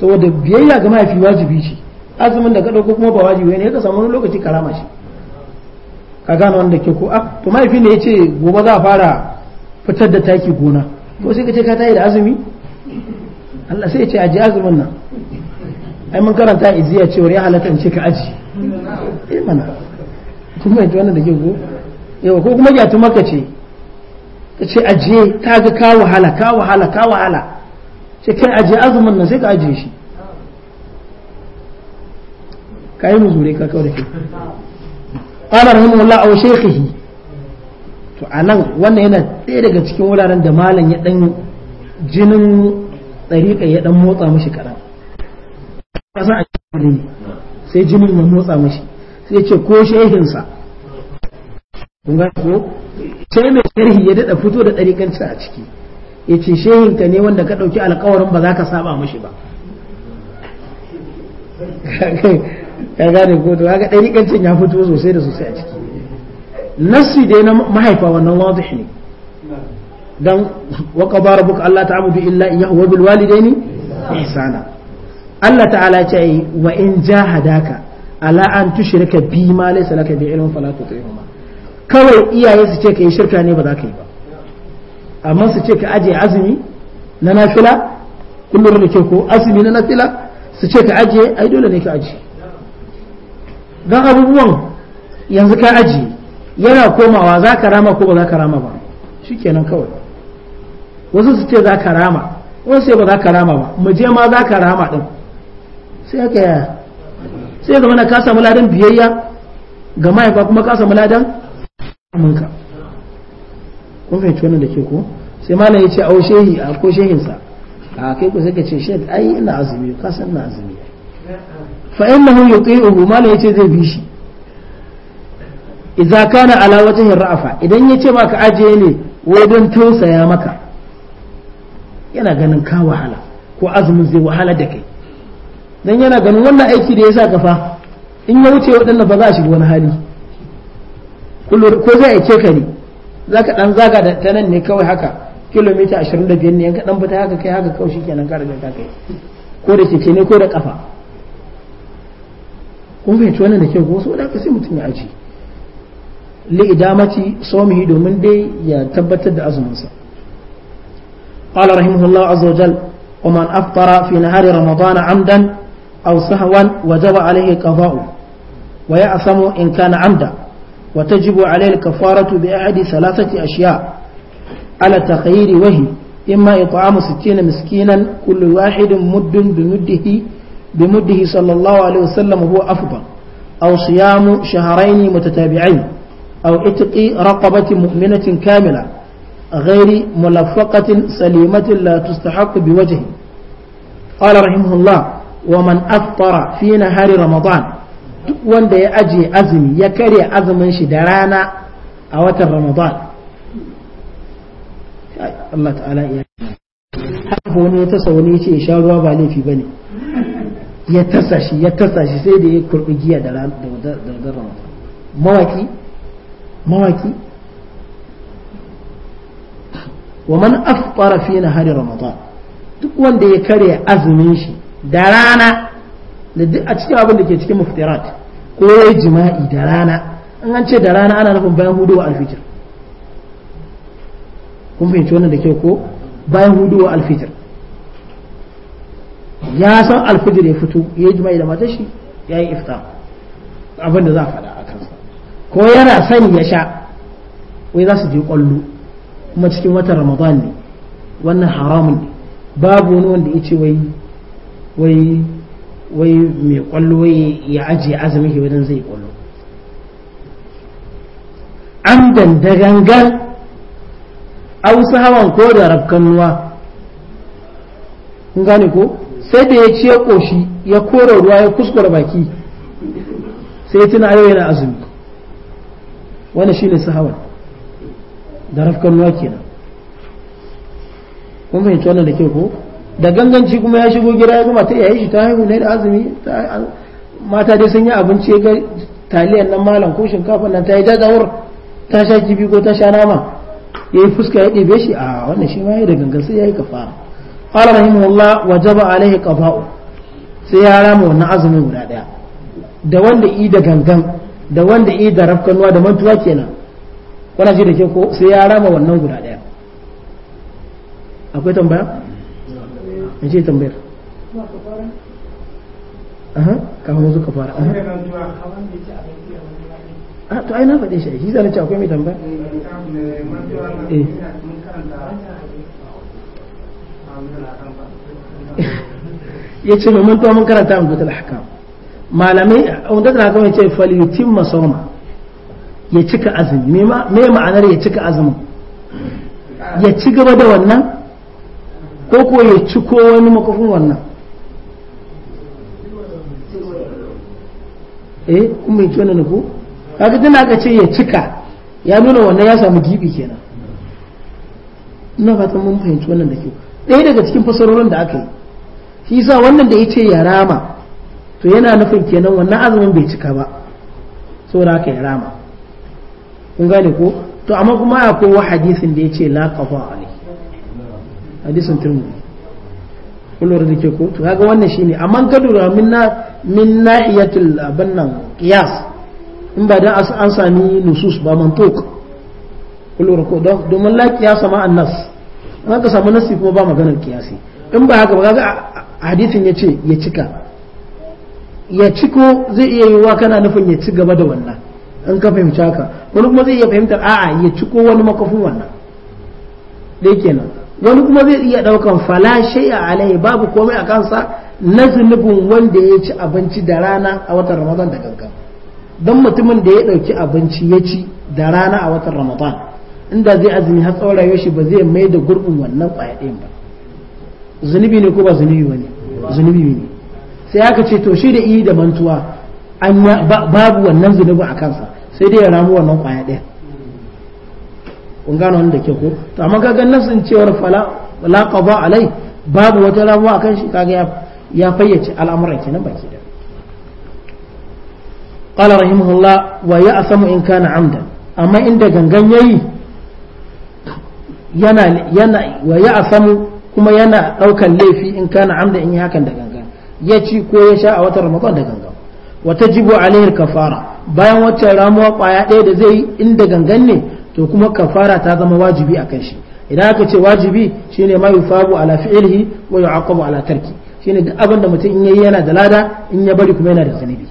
saboda biyayya ga mahaifi wajibi shi azumin da ka ɗauko kuma ba wajibi ne ka samu wani lokaci karama shi ka gane wanda ke ko ah to mahaifi ne ya ce gobe za a fara fitar da taki gona ko sai ka ce ka tayi da azumi Allah sai ya ce aji azumin nan ai mun karanta iziya cewa ya halatta in ce ka aji eh mana kun mai wannan da ke go yawa ko kuma gyatu maka ce ka ce ajiye ka ga ka wahala ka wahala ka wahala sai kai aje azumin nan sai ka ajiye shi ka yi muzure ka kawai da kai qala rahimahullah aw shaykhihi to anan wannan yana ɗaya daga cikin wuraren da malam ya dan jinin ɗariƙa ya dan motsa mishi kaɗan kasan a cikin sai jinin ya motsa mishi sai ce ko shehinsa kun ga ko sai mai sharhi ya daɗa fito da ɗariƙanci a ciki yace shehin ka ne wanda ka ɗauki alƙawarin ba za ka saba mashi ba ka gane ko to ya fito sosai da sosai a ciki nassi dai na mahaifa wannan wadih ne dan wa qadara rabbuka alla ta'budu illa iyyahu wa bil walidaini ihsana Allah ta'ala ce yi wa in jahadaka ala an tushrika bi ma laysa laka bi ilmin fala tuti'huma kawai iyaye su ce kai shirka ne ba za ka yi ba amma su ce ka ajiye azumi na nafila kullum da ke ko azumi na nafila su ce ka ajiye ai dole ne ka ajiye don abubuwan yanzu ka ajiye yana komawa za ka rama ko ba za ka rama ba shi kenan kawai wasu su ce za ka rama wasu sai ba za ka rama ba mu je ma za ka rama din sai aka yaya sai ga mana ka samu ladan biyayya ga mahaifa kuma ka samu ladan ka. kun fahimci wannan da ke ko sai malam ya ce au shehi a ko shehinsa a kai ku sai ka ce shek ai ina azumi ka san na azumi fa innahu yuti'uhu malam ya ce zai bi shi idza kana ala wajhi ra'afa idan ya ce maka aje ne wajen tausaya maka yana ganin ka wahala ko azumin zai wahala da kai dan yana ganin wannan aiki da ya sa kafa in ya wuce waɗannan ba za a shiga wani hali ko zai aike ka ne zaka dan zaga da ta nan ne kawai haka kilomita 25 ne yanka dan fita haka kai haka kawai shikenan ka riga ka kai ko da keke ne ko da kafa kun fahimci wannan da kyau ko da ka sai mutum ya aji li idamati sawmihi domin dai ya tabbatar da azuminsa قال رحمه الله عز وجل ومن أفطر في نهار رمضان عمدا أو سهوا وجب عليه قضاؤه ويأثم إن كان عمدا وتجب عليه الكفارة بأحد ثلاثة أشياء على تخيير وهي إما إطعام ستين مسكينا كل واحد مد بمده بمده صلى الله عليه وسلم هو أفضل أو صيام شهرين متتابعين أو اتق رقبة مؤمنة كاملة غير ملفقة سليمة لا تستحق بوجه قال رحمه الله ومن أفطر في نهار رمضان duk wanda ya ajiye azumi ya karya azumin shi da rana a watan ramadan Allah ta'ala ya haka wani ya tasa wani ya ce sha ruwa ba laifi ba ne ya tasa shi ya tasa shi sai da ya kurbi giya da wajen ramadan mawaki mawaki wa man afqara fi nahari ramadan duk wanda ya karya azumin shi da rana a cikin abin da ke cikin muftirat ko yi jima'i da rana an an ce da rana ana nufin bayan hudu wa alfijir kun fahimci wannan da kyau ko bayan hudu wa alfijir ya san alfijir ya fito ya yi jima'i da mata shi ya yi ifta abin da za a faɗa a kansa ko yana sani ya sha wai za su je ƙwallo kuma cikin watan ramadan ne wannan haramun ne babu wani wanda ya ce wai wai wai mai kwallo ya ajiye azumi ke wajen zai kwallo an gangan ausa hawan ko da nuwa kun gane ko sai da ya ce koshi ya kora ruwa ya kuskura baki sai tuna yau yana azumi wani shine sahawan da nuwa kenan kun fahimci wannan da ke ko da ganganci kuma ya shigo gida ya zama ta iyaye shi ta haihu ne da azumi mata dai sun yi abinci ga taliyan nan malam ko shinkafa nan ta yi jajawar ta sha kibi ko ta sha nama ya yi fuska ya ɗebe shi a wannan shi ma ya da gangan sai ya yi kafara qala rahimahullah wajaba alaihi qada'u sai ya rama wannan azumin guda ɗaya da wanda i da gangan da wanda i da rafkanuwa da mantuwa kenan kuna ji da ke ko sai ya rama wannan guda ɗaya akwai tambaya me ce tambayar aha kafin a to ai na faɗe shi shi ce akwai mai eh, eh. ya ce mai mantuwa mun karanta an gutul da malamai a wanda ce masoma ya cika azumi ma'anar ya ci gaba da wannan ko ko ya ci ko wani makafin wannan eh kuma yake wannan ko kaga tana aka ce ya cika ya nuna wannan ya samu gibi kenan ina fatan mun fahimci wannan da kyau ɗaya daga cikin fasarorin da aka yi shi sa wannan da ya ce ya rama to yana nufin kenan wannan azumin bai cika ba saboda aka ya rama kun gane ko to amma kuma akwai wa hadisin da ya ce la qafa hadisin tirmidhi kullu da ke ko to kaga wannan shine amma ka dura minna min nahiyatul abin nan qiyas in ba dan an sami nusus ba mantuk kullu ko don domin la qiyasa ma annas in ka samu nasi kuma ba maganar qiyasi in ba haka ba kaga hadisin yace ya cika ya ciko zai iya yiwuwa kana nufin ya ci gaba da wannan in ka fahimci haka wani kuma zai iya fahimtar a'a ya ciko wani makafin wannan dai kenan wani kuma zai iya ɗaukan fala shay'a alai babu komai a kansa na zunubin wanda ya ci abinci da rana a watan ramadan da gangan don mutumin da ya ɗauki abinci ya ci da rana a watan ramadan inda zai azumi har tsawon rayuwar shi ba zai mai da gurbin wannan ƙwaya ba zunubi ne ko ba zunubi ba ne zunubi ne sai aka ce to shi da iyi da mantuwa babu wannan zunubin a kansa sai dai ya ramu wannan ƙwaya kun gano wanda ke ko to amma kaga nasin cewar fala la qada alai babu wata ramuwa akan shi kaga ya fayyace al'amuran kenan baki da qala rahimahullah wa ya'samu in kana amdan amma inda gangan yayi yana yana wa ya'samu kuma yana daukan laifi in kana amdan in yi hakan da gangan ya ci ko ya sha a wata ramadan da gangan wata jibo alaihir kafara bayan wacce ramuwa kwaya ɗaya da zai yi inda gangan ne to kuma kafara ta zama wajibi a kan shi idan aka ce wajibi shine ma yufabu ala fi'lihi wa yu'aqabu ala tarki shine duk abin da mutum in yayi yana da lada in ya bari kuma yana da zunubi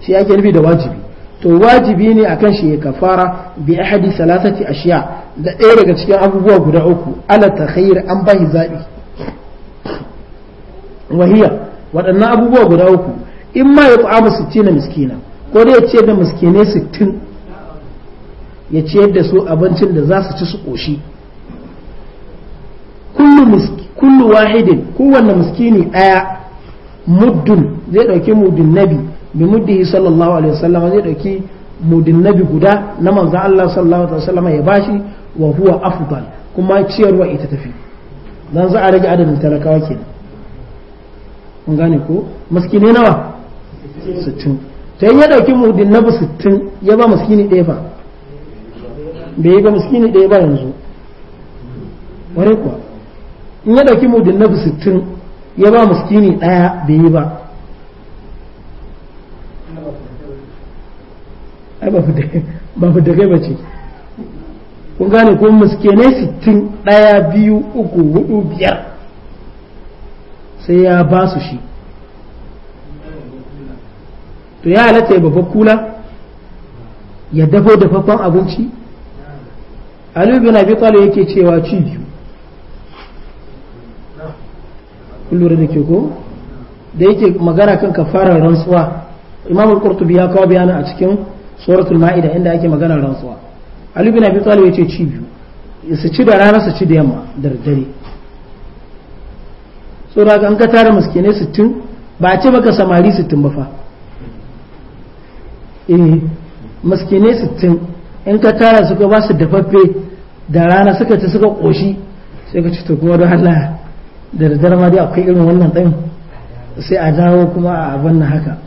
shi ake nufi da wajibi to wajibi ne akan shi ya kafara bi ahadi salasati ashiya da ɗaya daga cikin abubuwa guda uku ala takhayyir an bahi zabi wahiya waɗannan abubuwa guda uku in ma ya ta'amu sittina miskina ko dai ya ce da miskinai sittin ya ciyar da su abincin da za su ci su ƙoshi kullu wahidin kowanne miskini ɗaya muddun zai ɗauki muddin nabi bi muddihi sallallahu alaihi wasallam zai ɗauki muddin nabi guda na manzon Allah sallallahu alaihi wasallam ya bashi wa huwa afdal kuma ciyarwa ita tafi dan za a rage adadin talakawa kenan kun gane ko miskini nawa 60 To ya ɗauki muddin nabi 60 ya ba miskini ɗaya fa bai yi ga miskini ɗaya ba yanzu wani kuwa in ya ɗauki mudin na sittin ya ba miskini ɗaya bai yi ba ai ba fi daga ba ce kun gane ko miskinai sittin ɗaya biyu uku hudu biyar sai ya ba su shi to ya halatta ya babbar kula ya dafo dafaffen abinci Ali bin Abi Talib yake cewa ci biyu kun da ke ko da yake magana kan kafarar rantsuwa Imam Al-Qurtubi ya kawo bayana a cikin suratul Ma'ida inda ake magana rantsuwa Ali bin Abi Talib yake ci biyu su ci da rana su ci da yamma da dare saboda an ka tara miskinai 60 ba a ce maka samari 60 ba fa eh miskinai sittin. in ka tara suka ba su dafaffe da rana suka ci suka koshi sai ka ci to kuma don Allah da daddare ma dai akwai irin wannan ɗin sai a dawo kuma a abin na haka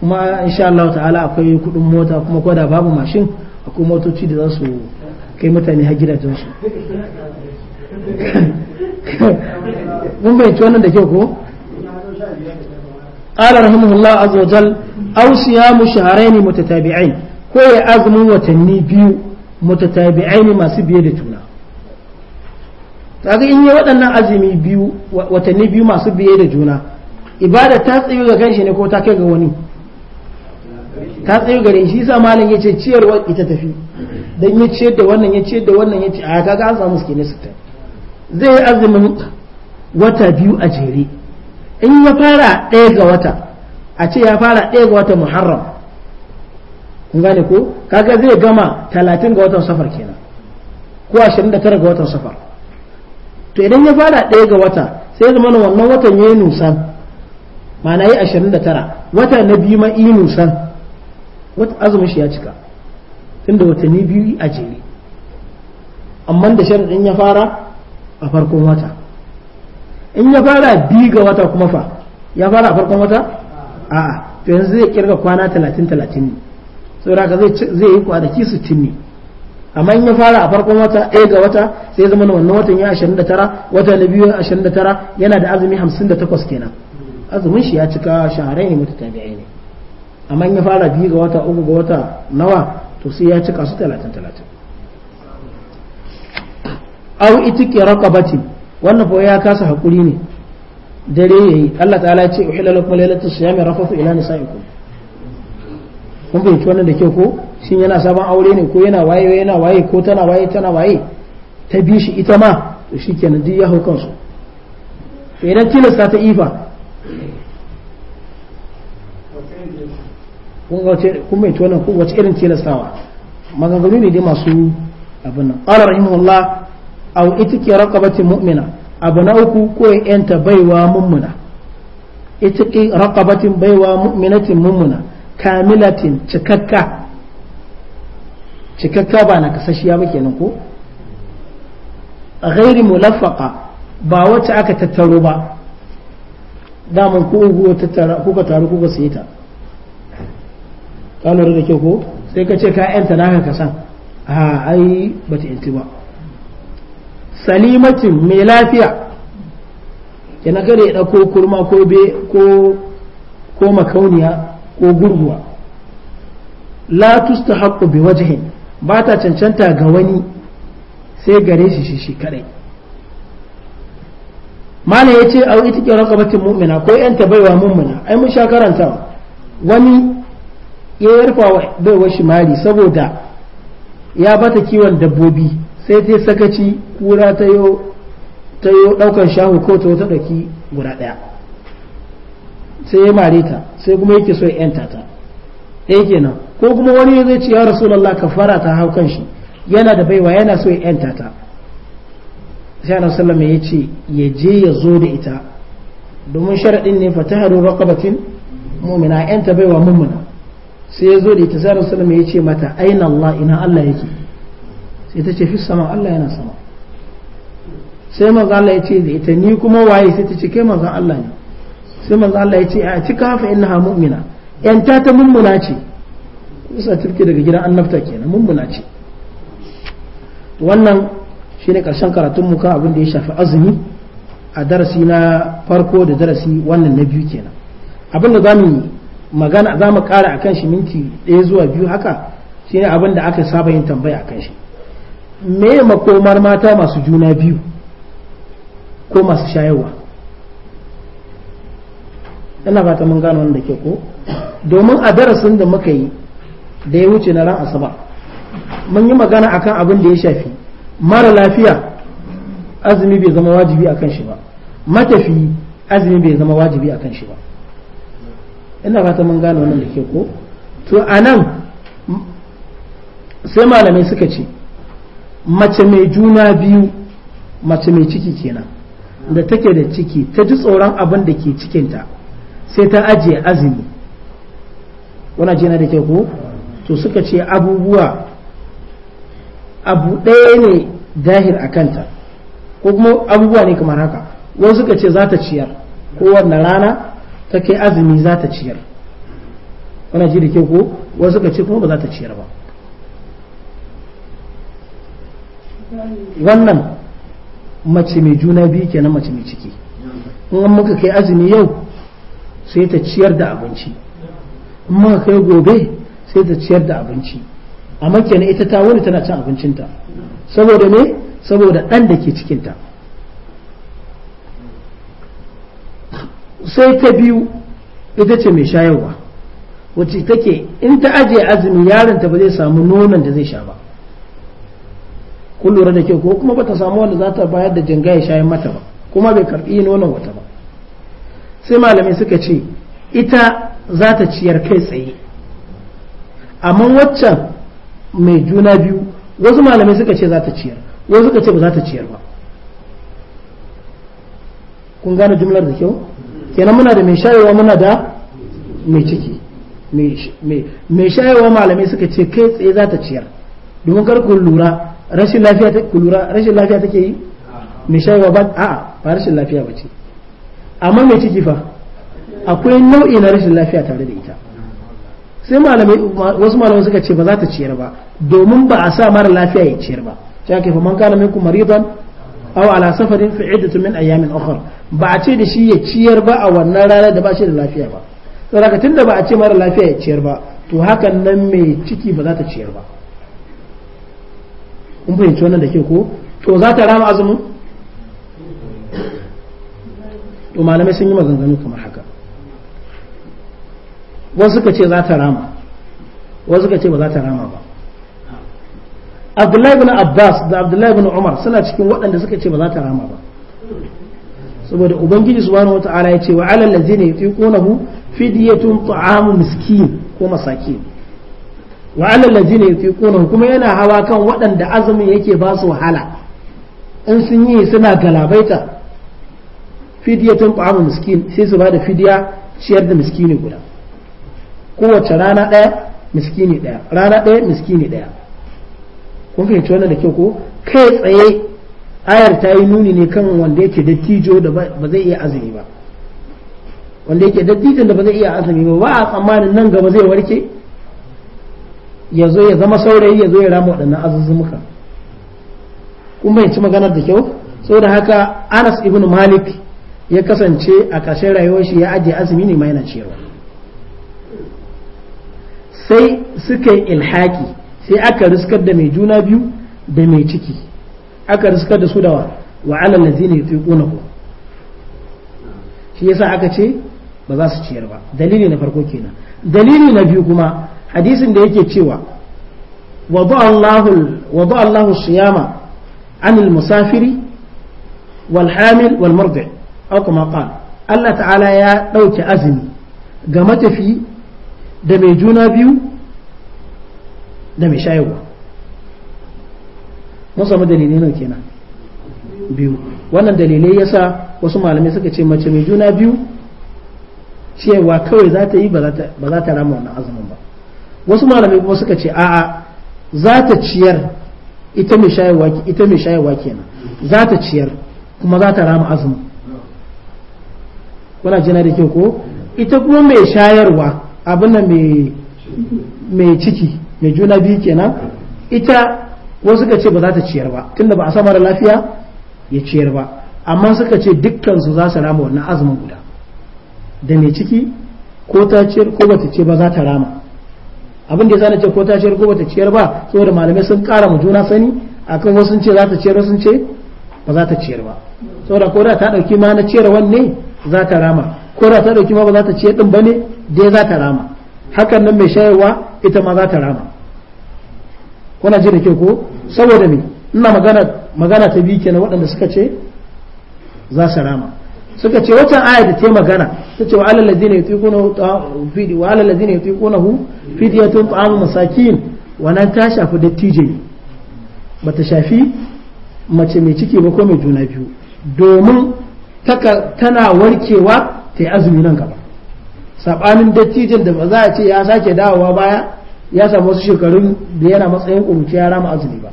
kuma insha Allah ta'ala akwai kuɗin mota kuma ko da babu mashin akwai motoci da za su kai mutane har su mun ci wannan da kyau ko قال رحمه الله عز وجل أو صيام شهرين متتابعين ko ya azumin watanni biyu mutatabi'ai ne masu biye da juna kaga in yi waɗannan azumi biyu watanni biyu masu biye da juna ibada ta tsayu ga kanshi ne ko ta kai ga wani ta tsayu gare shi sa malam yace ciyarwa ita tafi dan ya ciyar da wannan ya ciyar da wannan ya ce a kaga an samu suke ne ta. zai yi azumin wata biyu a jere in ya fara ɗaya ga wata a ce ya fara ɗaya ga wata muharram kun gane ko kaga zai gama talatin ga watan safar kenan ko ashirin da tara ga watan safar to idan ya fara ɗaya ga wata sai zama wannan watan ya yi nusan ma'ana yi ashirin da tara wata na biyu ma yi nusan wata azumin shi ya cika tunda watanni biyu a jere amma da sharaɗin ya fara a farkon wata in ya fara biyu ga wata kuma fa ya fara a farkon wata a'a to yanzu zai kirga kwana talatin talatin ne saboda zai yi kwanaki sittin ne amma in ya fara a farkon wata ɗaya ga wata sai zama na wannan watan ya ashirin da tara wata na biyu ashirin da tara yana da azumi hamsin da takwas kenan azumin shi ya cika shaharai ne tabi'ai ne amma in ya fara biyu ga wata uku ga wata nawa to sai ya cika su talatin talatin au itiki raqabatin wannan fa ya kasa hakuri ne dare yayi Allah ta'ala ya ce uhilalakum lakum laylatus siyami rafathu ila nisaikum kun fahimci wannan da ke ko shi yana sabon aure ne ko yana waye yana waye ko tana waye tana waye ta bi shi ita ma to kenan duk ya hau kansu to idan tilasta ta ifa kun wace kun mai wannan ko wace irin tilastawa maganganu ne dai masu abin nan qala rahimahullah aw itiki raqabati mu'mina abu na uku ko yanta baiwa mummuna itiki raqabatin baiwa mu'minatin mummuna kamilatin cikakka cikakka ba na kasashiya ba kenan ko ghairi mulaffaqa ba wacce aka tattaro ba daman ku tattara kuka taru kuka sayi ta kana rike ko sai ka ce ka yanta naka ka san a ai ta yanti ba salimatin mai lafiya kenan gare ya dauko kurma ko be ko ko makauniya ko gurguwa la tustahaqqu bi wajhin ba ta cancanta ga wani sai gare shi shi kadai mala ya ce au ita ke kabatin mu'mina ko ta baiwa mumina ai mun sha karanta wani ya yarfa wa baiwa shi mali saboda ya bata kiwon dabbobi sai ta sakaci kura ta yo ta yo daukar shahu ko ta wata daki guda daya sai ya mare ta sai kuma yake so ya yanta ta ɗaya kenan ko kuma wani zai ce ya rasulullah kafara ta hau kan shi yana da baiwa yana so ya yanta ta sai ana Sallama ya ce ya je ya zo da ita domin sharaɗin ne ba raqabatin mu'mina yanta baiwa mummuna sai ya zo da ita sai ana Sallama ya ce mata aina Allah ina Allah yake sai ta ce fi sama Allah yana sama sai manzo Allah ya ce da ita ni kuma waye sai ta ce kai manzo Allah ne sai manzo Allah ya ce a cika fa innaha mu'mina yan ta ta mummuna ce isa turke daga gidan annabta kenan mummuna ce wannan shine karshen karatun mu kan abin da ya shafi azumi a darasi na farko da darasi wannan na biyu kenan abin da zamu magana zamu mu kara akan shi minti ɗaya zuwa biyu haka shine abin da aka saba yin tambaya akan shi me makomar mata masu juna biyu ko masu shayarwa ina fata mun gano wanda ke ko domin a darasin da muka yi da ya wuce na ran asaba mun yi magana akan abin da ya shafi mara lafiya azumi bai zama wajibi akan shi ba matafi azumi bai zama wajibi akan shi ba ina fata mun gano wannan da ke ko to anan sai malamai suka ce mace mai juna biyu mace mai ciki kenan da take da ciki ta ji tsoron abin da ke cikinta sai ta ajiye azumi wana ce na da kyau ko to suka ce abubuwa abu ɗaya ne dahir a kanta ko kuma abubuwa ne kamar haka wasu suka ce za ta ciyar kowanne rana ta kai azumi za ta ciyar wana ji da kyau ko wasu suka ce kuma ba za ta ciyar ba wannan mace mai juna biyu kenan mace mai ciki in muka kai azumi yau sai ta ciyar da abinci amma kai gobe sai ta ciyar da abinci amma kenan ita ta wani tana cin abincinta saboda ne saboda ɗan da ke cikinta sai ta biyu ita ce mai shayarwa wacce take in ta ajiye azumi yaronta ba zai samu nonon da zai sha ba kun lura da ke ko kuma ba ta samu wanda za ta bayar da janga ya shayar mata ba kuma bai karɓi nonon wata ba sai malamai suka ce ita za ta ciyar kai tsaye amma waccan mai juna biyu wasu malamai suka ce za ta ciyar wasu suka ce ba za ta ciyar ba kun gane jumlar da kyau kenan muna da mai shayarwa muna da mai ciki mai shayarwa malamai suka ce kai tsaye za ta ciyar domin kar ku lura rashin lafiya take yi mai shayarwa ba a ba rashin lafiya ba ce amma mai ciki fa akwai nau'i na rashin lafiya tare da ita sai malamai wasu malamai suka ce ba za ta ciyar ba domin ba a sa mara lafiya ya ciyar ba sai ake fa man kana minkum maridan aw ala safarin fi iddatin min ayamin ukhra ba a ce da shi ya ciyar ba a wannan ranar da ba shi da lafiya ba saboda tunda ba a ce mara lafiya ya ciyar ba to hakan nan mai ciki ba za ta ciyar ba kun fahimci wannan da ke ko to za ta rama azumin to malamai sun yi maganganu kamar haka wasu suka ce za ta rama wasu suka ce ba za ta rama ba abdullahi bin abbas da abdullahi bin umar suna cikin waɗanda suka ce ba za ta rama ba saboda ubangiji subhanahu ta'ala ya ce wa alal ladzina yutiqunahu fidyatun ta'amu miskin ko masakin wa alal ladzina yutiqunahu kuma yana hawa kan waɗanda azumin yake ba su wahala in sun yi suna galabaita fidiyatun ta'amu miskin sai su ba da fidiya ciyar da miskini guda kowace rana ɗaya miskini ɗaya rana ɗaya miskini ɗaya kun fahimci wannan da kyau ko kai tsaye ayar ta yi nuni ne kan wanda yake dattijo da ba zai iya azumi ba wanda yake dattijon da ba zai iya azumi ba ba a tsammanin nan gaba zai warke ya zo ya zama saurayi ya zo ya rama waɗannan azuzzumuka kun bayyanci maganar da kyau da haka anas ibn malik ya kasance a ƙarshen rayuwar shi ya ajiye azumi ne ma yana cewa sai suka yi ilhaki sai aka riskar da mai juna biyu da mai ciki aka riskar da su da wa alal lazina yutiqunahu shi yasa aka ce ba za su ciyar ba dalili na farko kenan dalili na biyu kuma hadisin da yake cewa wadda Allahu shiyama siyama anil musafiri wal hamil wal mardi aw kama Allah ta'ala ya dauke azumi ga matafi da mai juna biyu da mai shayarwa mun samu dalilai nawa kenan biyu wannan dalilai yasa wasu malamai suka ce mace mai juna biyu cewa kawai za ta yi ba za ta rama wannan azumin ba wasu malamai kuma suka ce a'a za ta ciyar ita mai shayarwa kenan za ta ciyar kuma za ta rama azumin kuna jina da kyau ko ita kuma mai shayarwa abin nan mai ciki mai juna biyu kenan ita wasu ka ce ba za ta ciyar ba tunda ba a sa mara lafiya ya ciyar ba amma suka ce dukkan su za su rama wannan azumin guda da mai ciki ko ta ciyar ko ba ta ce ba za ta rama abin da ya zana ce ko ta ciyar ko ba ta ciyar ba saboda malamai sun kara mu juna sani akan wasu ce za ta ciyar wasu ce ba za ta ciyar ba saboda ko da ta dauki ma na ciyar wanne za ta rama ko da ta dauki ma ba za ta ce din bane dai za ta rama hakan nan mai shayarwa ita ma za ta rama kuna ji da ke ko saboda me ina magana magana ta biyu kenan waɗanda suka ce za su rama suka ce wata aya da ta magana ta ce wa alal ladina yutiqunahu fidi wa alal ladina yutiqunahu fidiyatun ta'am masakin wannan ta shafi dattijai bata shafi mace mai ciki ba ko mai juna biyu domin tana warkewa ta yi azumi nan gaba saɓanin dattijin da ba za a ce ya sake dawowa baya ya samu wasu shekarun da yana matsayin ƙuruci ya rama azumi ba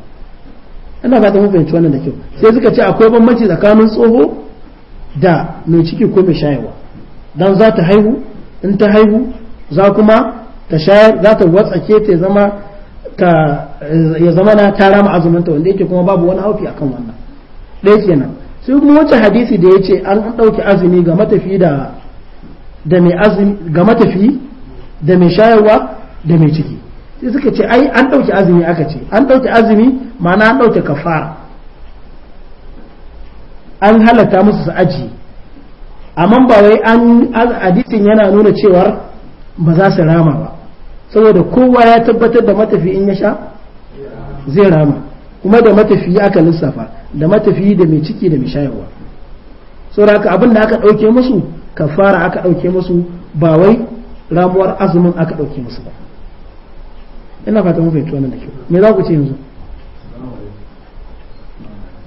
ina fata mun fahimci wannan da kyau sai suka ce akwai bambanci tsakanin tsoho da mai ciki ko mai shayarwa dan za ta haihu in ta haihu za kuma ta shayar za ta watsake ta zama ta ya zama na ta rama azumin ta wanda yake kuma babu wani haufi akan wannan ɗaya kenan sai kuma wancan hadisi da ya ce an ɗauki azumi ga matafi da mai azumi da mai shayarwa da mai ciki sai suka ce ai an ɗauki azumi aka ce an ɗauki azumi ma'ana an ɗauki kafara an halatta musu su aji amma ba wai an hadisin yana nuna cewar ba za su rama ba saboda kowa ya tabbatar da matafi in ya sha zai rama kuma da matafiyi aka lissafa da matafiyi da mai ciki da mai shayarwa saboda haka abin da aka ɗauke musu kafara aka ɗauke musu ba wai ramuwar azumin aka ɗauke musu ba ina fata mun fahimci wannan da kyau me za ku ce yanzu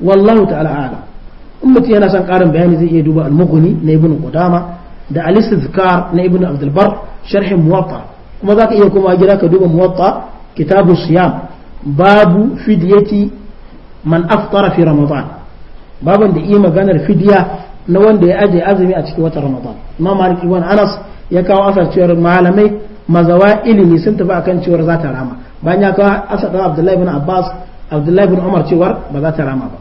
wallahu ta'ala a'lam in mutum yana son ƙarin bayani zai iya duba al-mughni na ibn qudama da al-istizkar na ibn abdul bar sharhin muwatta kuma zaka iya kuma gida ka duba muwatta kitabu siyam babu fidyati man aftara fi ramadan babu da iya maganar fidya na wanda ya aje azumi a cikin watan ramadan imam malik ibn anas ya kawo asar cewar malamai mazawa ilimi sun tafi akan cewar za ta rama bayan ya kawo asar dan abdullahi bin abbas abdullahi bin umar cewar ba za ta rama ba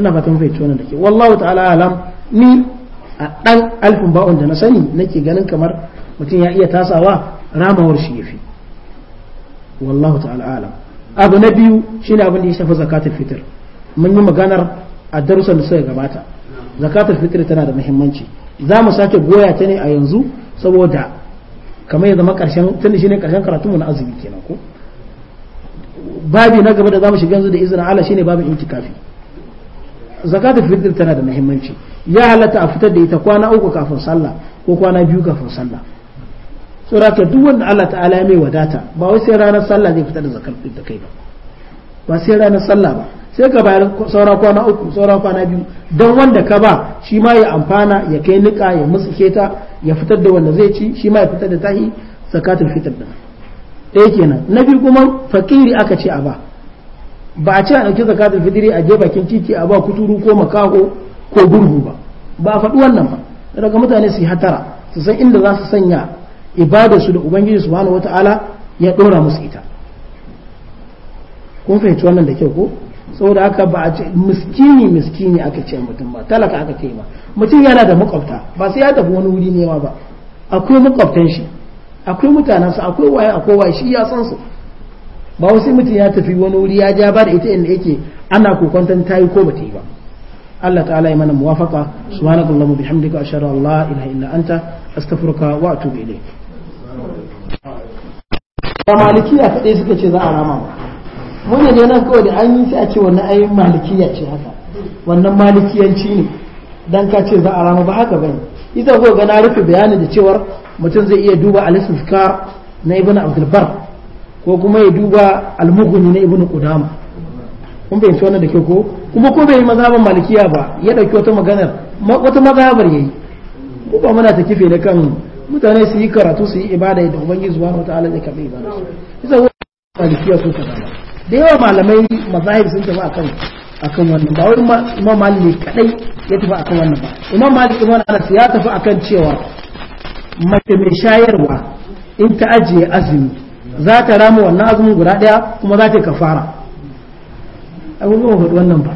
ina fatan fahimci wannan da ke wallahu ta'ala alam ni a dan alfin ba'un da na sani nake ganin kamar mutum ya iya tasawa ramawar shi yafi wallahu ta'ala alam abu na biyu shine abin da ya shafi zakatul fitr mun yi maganar a darussan da suka gabata zakatul fitr tana da muhimmanci za mu sake goya ta ne a yanzu saboda kamar ya zama karshen tunda shine karshen karatu mu na azumi kenan ko babi na gaba da za mu shiga yanzu da izinin Allah shine babin intikafi zakatul fitr tana da muhimmanci ya halatta a fitar da ita kwana uku kafin sallah ko kwana biyu kafin sallah saboda duk wanda Allah ta'ala ya mai wadata ba wai sai ranar sallah zai fita da zakar da kai ba ba sai ranar sallah ba sai ka bayar saura kwana uku saura kwana biyu don wanda ka ba shi ma ya amfana ya kai nika ya musuke ta ya fitar da wanda zai ci shi ma ya fitar da tahi zakatul fitr Da ɗaya kenan na biyu kuma fakiri aka ce a ba ba a ce a ɗauki zakatul fitiri a je bakin titi a ba kuturu ko makaho ko gurgu ba ba a faɗi wannan ba daga mutane su yi hatara su san inda za su sanya ibada su da ubangiji subhanahu wata'ala ya dora musu ita kun fahimci wannan da kyau ko saboda haka ba a ce miskini miskini aka ce mutum ba talaka aka ce ba mutum yana da makwabta ba sai ya tafi wani wuri nema ba akwai makwabtan shi akwai su akwai waye akwai waye shi ya san su ba wasu mutum ya tafi wani wuri ya ja ba da ita inda yake ana kokonton ta yi ko ba ta yi ba Allah ta'ala ya mana muwafaqa subhanakallahumma bihamdika ashhadu an la ilaha illa anta astaghfiruka wa atubu ilayk ba malikiya kaɗai suka ce za a rama ba mun yi nan kawai da an yi sai a ce wannan ayin malikiya ce haka wannan malikiyanci ne dan ka ce za a rama ba haka bane ita ko ga na rufe bayani da cewar mutum zai iya duba al na ibnu abdulbar ko kuma ya duba al na ibnu qudama kun bai wannan da kyau ko kuma ko bai yi mazhaban malikiya ba ya dauki wata maganar wata mazhabar yayi ko ba muna ta kife na kan mutane su yi karatu su yi ibada da ubangiji subhanahu wataala zai karbi ibada isa wani malikiya ko kaza da yawa malamai mazahir sun tafi akan akan wannan ba wani imam malik kadai ya tafi akan wannan ba imam malik imam anas ya tafi akan cewa mace mai shayarwa in ta ajiye azumi za ta rama wannan azumin guda daya kuma za ta kafara ba faɗi wannan ba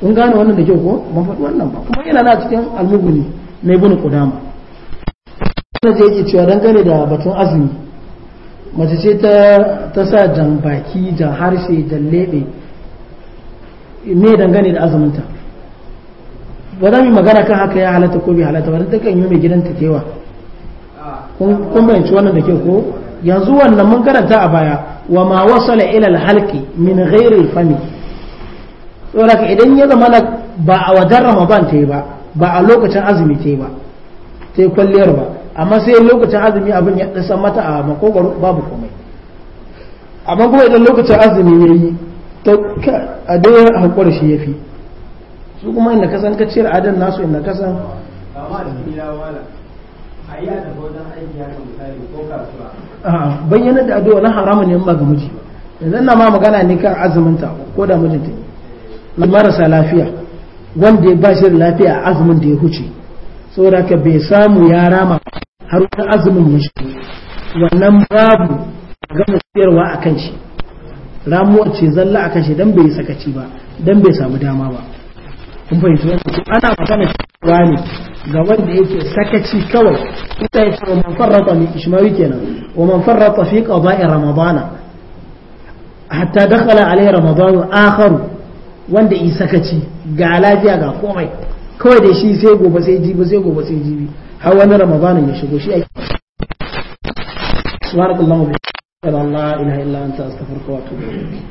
kun gane wannan da kyau ko ba faɗi wannan ba kuma yana na cikin almuguni na ibn qudama wannan ta yake cewa dangane da batun azumi mace ce ta sa jan baki jan harshe jan lebe me dangane da azuminta ba za mu magana kan haka ya halatta ko bai halatta ba ta kan yi mai gidan ta kewa kun bayanci wannan da ke ko yanzu wannan mun karanta a baya wa ma wasala ila halki min ghairi fami saboda idan ya zama ba a wajen ramadan ta yi ba ba a lokacin azumi ta yi ba ta yi kwalliyar ba amma sai lokacin azumi abin ya ɗasa mata a makogwaro babu komai amma kuma idan lokacin azumi ya yi a dai haƙuri shi ya fi su kuma inda kasan ka ciyar adan nasu inda kasan bayyana da ado na haramun ne ba ga miji yanzu na ma magana ne kan azuminta ko da ta, ne marasa lafiya wanda ya ba shi lafiya azumin da ya huce saboda ka bai samu ya rama har wani azumin ya shi wannan babu gama siyarwa a kan shi ramuwa ce zalla a kan shi dan bai sakaci ba dan bai samu dama ba kun fahimci su ana magana cewa ne ga wanda yake sakaci kawai ita yace wa man farrata mai ishmawi kenan wa man farrata fi qada'i ramadana hatta dakhala alai ramadan akharu wanda yi sakaci ga lafiya ga komai kawai da shi sai gobe sai jibi sai gobe sai jibi هو أن رمضان يشبه شيء سبحانك اللهم وبحمدك الله لا إله إلا أنت أستغفرك وأتوب إليك